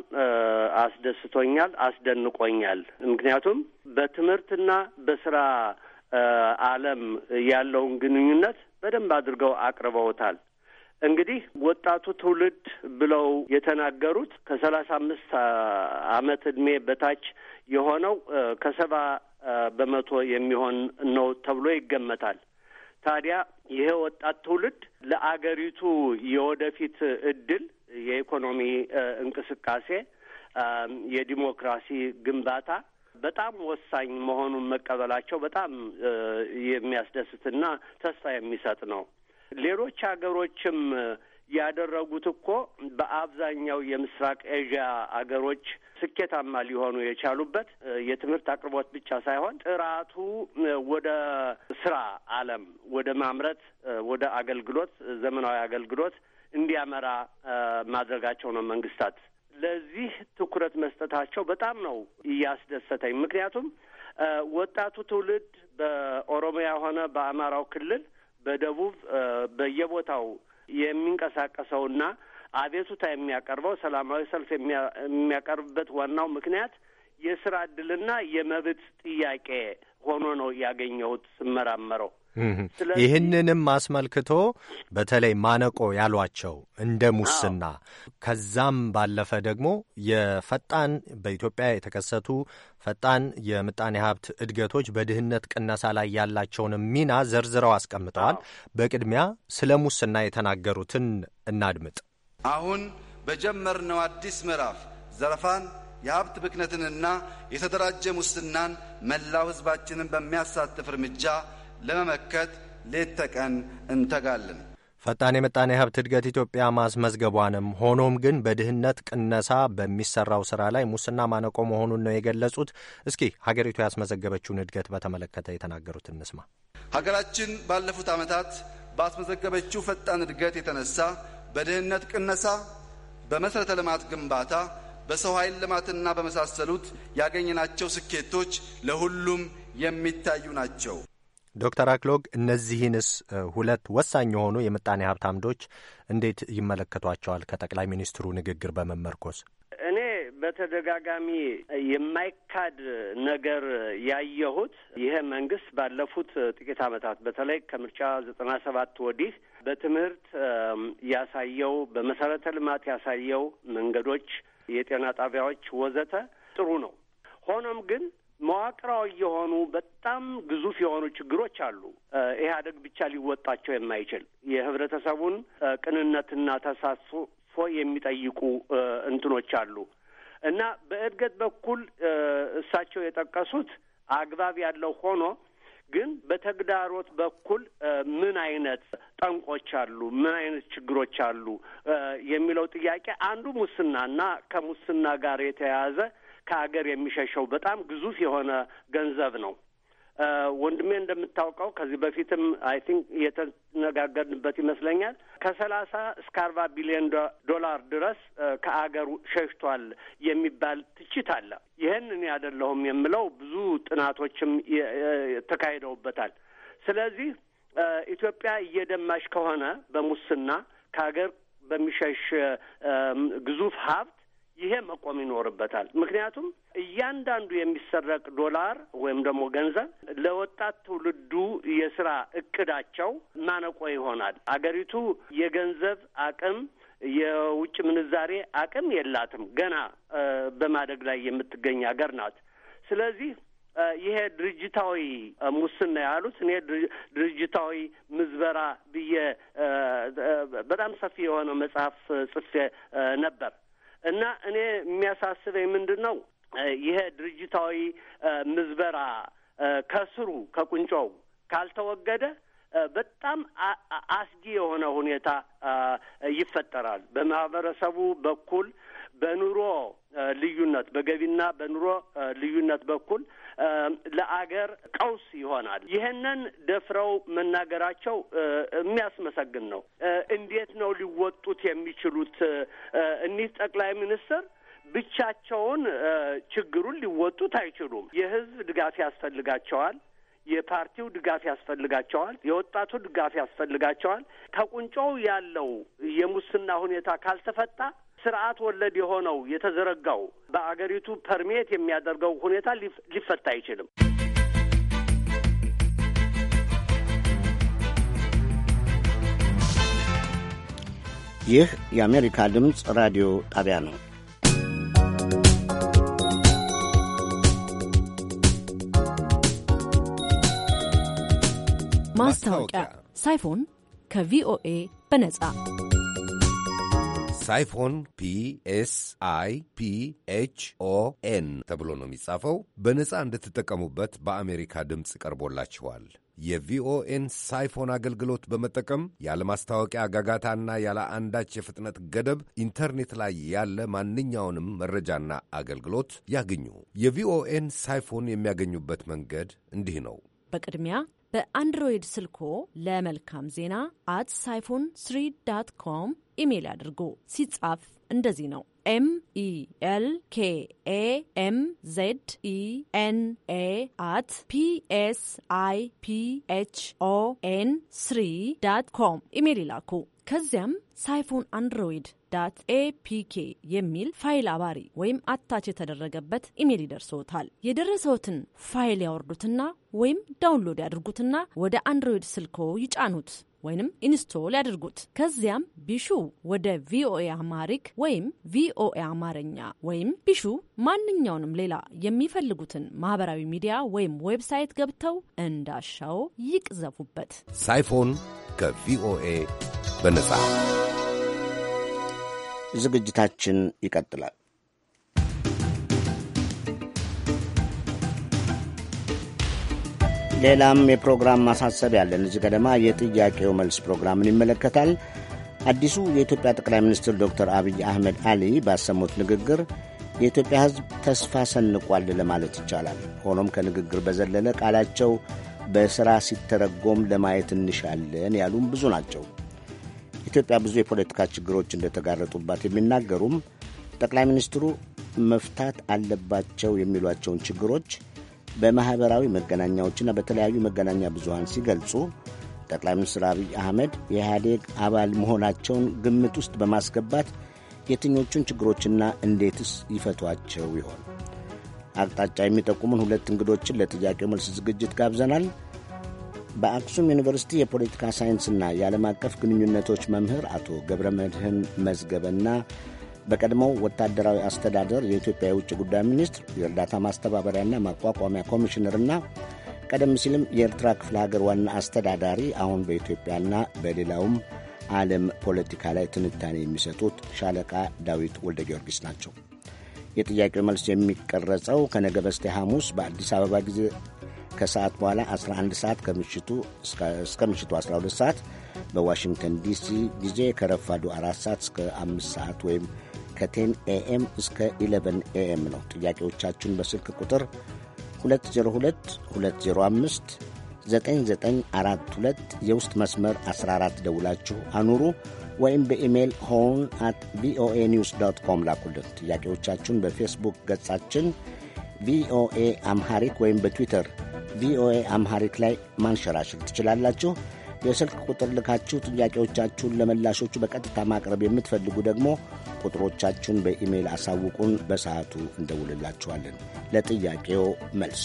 አስደስቶኛል፣ አስደንቆኛል። ምክንያቱም በትምህርትና በስራ ዓለም ያለውን ግንኙነት በደንብ አድርገው አቅርበውታል። እንግዲህ ወጣቱ ትውልድ ብለው የተናገሩት ከሰላሳ አምስት አመት እድሜ በታች የሆነው ከሰባ በመቶ የሚሆን ነው ተብሎ ይገመታል። ታዲያ ይሄ ወጣት ትውልድ ለአገሪቱ የወደፊት እድል፣ የኢኮኖሚ እንቅስቃሴ፣ የዲሞክራሲ ግንባታ በጣም ወሳኝ መሆኑን መቀበላቸው በጣም የሚያስደስትና ተስፋ የሚሰጥ ነው። ሌሎች ሀገሮችም ያደረጉት እኮ በአብዛኛው የምስራቅ ኤዥያ አገሮች ስኬታማ ሊሆኑ የቻሉበት የትምህርት አቅርቦት ብቻ ሳይሆን ጥራቱ ወደ ስራ ዓለም ወደ ማምረት፣ ወደ አገልግሎት፣ ዘመናዊ አገልግሎት እንዲያመራ ማድረጋቸው ነው። መንግስታት ለዚህ ትኩረት መስጠታቸው በጣም ነው እያስደሰተኝ። ምክንያቱም ወጣቱ ትውልድ በኦሮሚያ ሆነ በአማራው ክልል በደቡብ በየቦታው የሚንቀሳቀሰውና አቤቱታ የሚያቀርበው ሰላማዊ ሰልፍ የሚያቀርብበት ዋናው ምክንያት የስራ እድልና የመብት ጥያቄ ሆኖ ነው ያገኘሁት ስመራመረው። ይህንንም አስመልክቶ በተለይ ማነቆ ያሏቸው እንደ ሙስና ከዛም ባለፈ ደግሞ የፈጣን በኢትዮጵያ የተከሰቱ ፈጣን የምጣኔ ሀብት እድገቶች በድህነት ቅነሳ ላይ ያላቸውን ሚና ዘርዝረው አስቀምጠዋል። በቅድሚያ ስለ ሙስና የተናገሩትን እናድምጥ። አሁን በጀመርነው አዲስ ምዕራፍ ዘረፋን የሀብት ብክነትንና የተደራጀ ሙስናን መላው ሕዝባችንን በሚያሳትፍ እርምጃ ለመመከት ሌት ተቀን እንተጋለን። ፈጣን የምጣኔ ሀብት እድገት ኢትዮጵያ ማስመዝገቧንም ሆኖም ግን በድህነት ቅነሳ በሚሰራው ስራ ላይ ሙስና ማነቆ መሆኑን ነው የገለጹት። እስኪ ሀገሪቱ ያስመዘገበችውን እድገት በተመለከተ የተናገሩት እንስማ። ሀገራችን ባለፉት ዓመታት ባስመዘገበችው ፈጣን እድገት የተነሳ በድህነት ቅነሳ፣ በመሠረተ ልማት ግንባታ፣ በሰው ኃይል ልማትና በመሳሰሉት ያገኘናቸው ስኬቶች ለሁሉም የሚታዩ ናቸው። ዶክተር አክሎግ እነዚህንስ ሁለት ወሳኝ የሆኑ የምጣኔ ሀብት አምዶች እንዴት ይመለከቷቸዋል? ከጠቅላይ ሚኒስትሩ ንግግር በመመርኮስ እኔ በተደጋጋሚ የማይካድ ነገር ያየሁት ይሄ መንግስት ባለፉት ጥቂት ዓመታት በተለይ ከምርጫ ዘጠና ሰባት ወዲህ በትምህርት ያሳየው በመሰረተ ልማት ያሳየው መንገዶች፣ የጤና ጣቢያዎች ወዘተ ጥሩ ነው። ሆኖም ግን መዋቅራዊ የሆኑ በጣም ግዙፍ የሆኑ ችግሮች አሉ። ኢህአደግ ብቻ ሊወጣቸው የማይችል የህብረተሰቡን ቅንነትና ተሳትፎ የሚጠይቁ እንትኖች አሉ እና በእድገት በኩል እሳቸው የጠቀሱት አግባብ ያለው ሆኖ ግን በተግዳሮት በኩል ምን አይነት ጠንቆች አሉ፣ ምን አይነት ችግሮች አሉ የሚለው ጥያቄ አንዱ ሙስናና ከሙስና ጋር የተያያዘ ከሀገር የሚሸሸው በጣም ግዙፍ የሆነ ገንዘብ ነው። ወንድሜ እንደምታውቀው ከዚህ በፊትም አይ ቲንክ የተነጋገርንበት ይመስለኛል ከሰላሳ እስከ አርባ ቢሊዮን ዶላር ድረስ ከአገሩ ሸሽቷል የሚባል ትችት አለ። ይህን እኔ አይደለሁም የምለው ብዙ ጥናቶችም ተካሂደውበታል። ስለዚህ ኢትዮጵያ እየደማሽ ከሆነ በሙስና ከሀገር በሚሸሽ ግዙፍ ሀብት ይሄ መቆም ይኖርበታል። ምክንያቱም እያንዳንዱ የሚሰረቅ ዶላር ወይም ደግሞ ገንዘብ ለወጣት ትውልዱ የስራ እቅዳቸው ማነቆ ይሆናል። አገሪቱ የገንዘብ አቅም የውጭ ምንዛሬ አቅም የላትም። ገና በማደግ ላይ የምትገኝ ሀገር ናት። ስለዚህ ይሄ ድርጅታዊ ሙስና ያሉት እኔ ድርጅታዊ ምዝበራ ብዬ በጣም ሰፊ የሆነ መጽሐፍ ጽፌ ነበር። እና እኔ የሚያሳስበኝ ምንድን ነው ይሄ ድርጅታዊ ምዝበራ ከስሩ ከቁንጮው ካልተወገደ በጣም አስጊ የሆነ ሁኔታ ይፈጠራል። በማህበረሰቡ በኩል በኑሮ ልዩነት በገቢና በኑሮ ልዩነት በኩል ለአገር ቀውስ ይሆናል። ይህንን ደፍረው መናገራቸው የሚያስመሰግን ነው። እንዴት ነው ሊወጡት የሚችሉት? እኒህ ጠቅላይ ሚኒስትር ብቻቸውን ችግሩን ሊወጡት አይችሉም። የህዝብ ድጋፍ ያስፈልጋቸዋል። የፓርቲው ድጋፍ ያስፈልጋቸዋል። የወጣቱ ድጋፍ ያስፈልጋቸዋል። ተቁንጮው ያለው የሙስና ሁኔታ ካልተፈታ ስርዓት ወለድ የሆነው የተዘረጋው በአገሪቱ ፐርሜት የሚያደርገው ሁኔታ ሊፈታ አይችልም። ይህ የአሜሪካ ድምፅ ራዲዮ ጣቢያ ነው። ማስታወቂያ ሳይፎን ከቪኦኤ በነጻ ሳይፎን ፒ ፒ ተብሎ ነው የሚጻፈው። በነጻ እንድትጠቀሙበት በአሜሪካ ድምፅ ቀርቦላችኋል። የቪኦኤን ሳይፎን አገልግሎት በመጠቀም ያለ ማስታወቂያ አጋጋታና ያለ አንዳች የፍጥነት ገደብ ኢንተርኔት ላይ ያለ ማንኛውንም መረጃና አገልግሎት ያግኙ። የቪኦኤን ሳይፎን የሚያገኙበት መንገድ እንዲህ ነው። በቅድሚያ በአንድሮይድ ስልኮ ለመልካም ዜና አት ሳይፎን ስሪ ዳት ኮም ኢሜይል አድርጎ ሲጻፍ እንደዚህ ነው ኤም ኢ ኤል ኬ ኤ ኤም ዜድ ኢ ኤን ኤ አት ፒ ኤስ አይ ፒ ኤች ኦ ኤን ስሪ ዳት ኮም ኢሜይል ይላኩ። ከዚያም ሳይፎን አንድሮይድ ዳት ኤፒኬ የሚል ፋይል አባሪ ወይም አታች የተደረገበት ኢሜል ይደርሶታል። የደረሰውትን ፋይል ያወርዱትና ወይም ዳውንሎድ ያድርጉትና ወደ አንድሮይድ ስልኮ ይጫኑት። ወይም ኢንስቶል ያድርጉት። ከዚያም ቢሹ ወደ ቪኦኤ አማሪክ ወይም ቪኦኤ አማርኛ ወይም ቢሹ ማንኛውንም ሌላ የሚፈልጉትን ማህበራዊ ሚዲያ ወይም ዌብሳይት ገብተው እንዳሻው ይቅዘፉበት። ሳይፎን ከቪኦኤ በነጻ ዝግጅታችን ይቀጥላል። ሌላም የፕሮግራም ማሳሰብ ያለን እዚህ ገደማ የጥያቄው መልስ ፕሮግራምን ይመለከታል። አዲሱ የኢትዮጵያ ጠቅላይ ሚኒስትር ዶክተር አብይ አህመድ አሊ ባሰሙት ንግግር የኢትዮጵያ ሕዝብ ተስፋ ሰንቋል ለማለት ይቻላል። ሆኖም ከንግግር በዘለለ ቃላቸው በሥራ ሲተረጎም ለማየት እንሻለን ያሉም ብዙ ናቸው። ኢትዮጵያ ብዙ የፖለቲካ ችግሮች እንደተጋረጡባት የሚናገሩም ጠቅላይ ሚኒስትሩ መፍታት አለባቸው የሚሏቸውን ችግሮች በማኅበራዊ መገናኛዎችና በተለያዩ መገናኛ ብዙሃን ሲገልጹ ጠቅላይ ሚኒስትር አብይ አህመድ የኢህአዴግ አባል መሆናቸውን ግምት ውስጥ በማስገባት የትኞቹን ችግሮችና እንዴትስ ይፈቷቸው ይሆን? አቅጣጫ የሚጠቁሙን ሁለት እንግዶችን ለጥያቄው መልስ ዝግጅት ጋብዘናል። በአክሱም ዩኒቨርሲቲ የፖለቲካ ሳይንስና የዓለም አቀፍ ግንኙነቶች መምህር አቶ ገብረ መድህን መዝገበና በቀድሞው ወታደራዊ አስተዳደር የኢትዮጵያ የውጭ ጉዳይ ሚኒስትር የእርዳታ ማስተባበሪያና ማቋቋሚያ ኮሚሽነርና ቀደም ሲልም የኤርትራ ክፍለ ሀገር ዋና አስተዳዳሪ አሁን በኢትዮጵያና በሌላውም ዓለም ፖለቲካ ላይ ትንታኔ የሚሰጡት ሻለቃ ዳዊት ወልደ ጊዮርጊስ ናቸው። የጥያቄው መልስ የሚቀረጸው ከነገ በስቲያ ሐሙስ በአዲስ አበባ ጊዜ ከሰዓት በኋላ 11 ሰዓት እስከ ምሽቱ 12 ሰዓት በዋሽንግተን ዲሲ ጊዜ ከረፋዱ 4 ሰዓት እስከ 5 ሰዓት ወይም ከቴን ኤኤም እስከ 11 ኤኤም ነው። ጥያቄዎቻችሁን በስልክ ቁጥር 2022059942 የውስጥ መስመር 14 ደውላችሁ አኑሩ ወይም በኢሜይል ሆን አት ቪኦኤ ኒውስ ዶት ኮም ላኩልን። ጥያቄዎቻችሁን በፌስቡክ ገጻችን ቪኦኤ አምሃሪክ ወይም በትዊተር ቪኦኤ አምሃሪክ ላይ ማንሸራሸር ትችላላችሁ። የስልክ ቁጥር ልካችሁ ጥያቄዎቻችሁን ለመላሾቹ በቀጥታ ማቅረብ የምትፈልጉ ደግሞ ቁጥሮቻችሁን በኢሜይል አሳውቁን። በሰዓቱ እንደውልላችኋለን። ለጥያቄው መልስ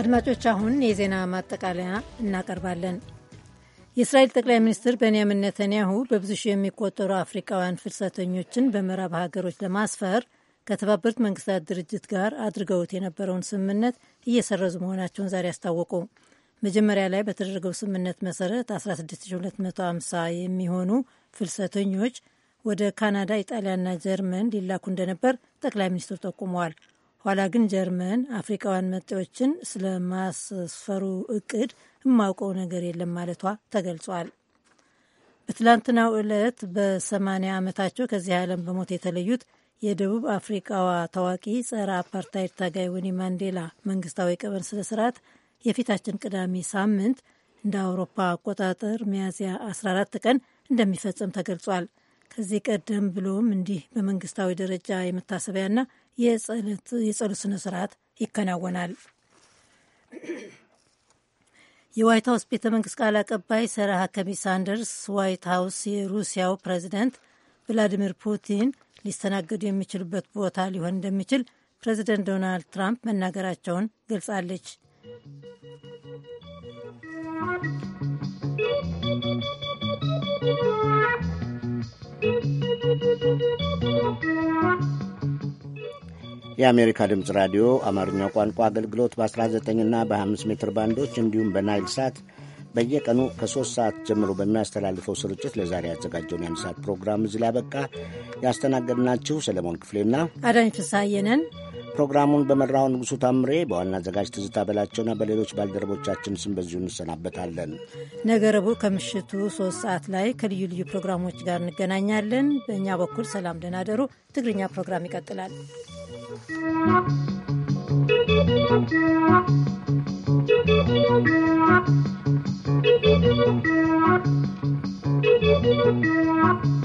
አድማጮች፣ አሁን የዜና ማጠቃለያ እናቀርባለን። የእስራኤል ጠቅላይ ሚኒስትር ቤንያሚን ነተንያሁ በብዙ ሺህ የሚቆጠሩ አፍሪካውያን ፍልሰተኞችን በምዕራብ ሀገሮች ለማስፈር ከተባበሩት መንግስታት ድርጅት ጋር አድርገውት የነበረውን ስምምነት እየሰረዙ መሆናቸውን ዛሬ አስታወቁ። መጀመሪያ ላይ በተደረገው ስምምነት መሰረት 16250 የሚሆኑ ፍልሰተኞች ወደ ካናዳ፣ ኢጣሊያና ጀርመን ሊላኩ እንደነበር ጠቅላይ ሚኒስትሩ ጠቁመዋል። ኋላ ግን ጀርመን አፍሪካውያን መጤዎችን ማስፈሩ እቅድ የማውቀው ነገር የለም ማለቷ ተገልጿል። በትላንትናው ዕለት በ80 ዓመታቸው ከዚህ ዓለም በሞት የተለዩት የደቡብ አፍሪካዋ ታዋቂ ጸረ አፓርታይድ ታጋይ ወኒ ማንዴላ መንግስታዊ ቀብር ስነ ስርዓት የፊታችን ቅዳሜ ሳምንት እንደ አውሮፓ አቆጣጠር ሚያዝያ 14 ቀን እንደሚፈጸም ተገልጿል። ከዚህ ቀደም ብሎም እንዲህ በመንግስታዊ ደረጃ የመታሰቢያና የጸሎት ስነ ስርዓት ይከናወናል። የዋይት ሀውስ ቤተ መንግስት ቃል አቀባይ ሰራ ሀከቢ ሳንደርስ ዋይት ሀውስ የሩሲያው ፕሬዚደንት ቭላዲሚር ፑቲን ሊስተናገዱ የሚችሉበት ቦታ ሊሆን እንደሚችል ፕሬዚደንት ዶናልድ ትራምፕ መናገራቸውን ገልጻለች። የአሜሪካ ድምፅ ራዲዮ አማርኛው ቋንቋ አገልግሎት በ19 እና በ 5 ሜትር ባንዶች እንዲሁም በናይል ሳት በየቀኑ ከሦስት ሰዓት ጀምሮ በሚያስተላልፈው ስርጭት ለዛሬ ያዘጋጀውን የአንድ ሰዓት ፕሮግራም እዚህ ላይ በቃ ያስተናገድናችሁ ሰለሞን ክፍሌና አዳኝ ፍሳየነን ፕሮግራሙን በመራው ንጉሡ ታምሬ በዋና አዘጋጅ ትዝታ በላቸውና በሌሎች ባልደረቦቻችን ስም በዚሁ እንሰናበታለን። ነገ ረቡዕ ከምሽቱ ሶስት ሰዓት ላይ ከልዩ ልዩ ፕሮግራሞች ጋር እንገናኛለን። በእኛ በኩል ሰላም ደናደሩ። ትግርኛ ፕሮግራም ይቀጥላል። Thank you.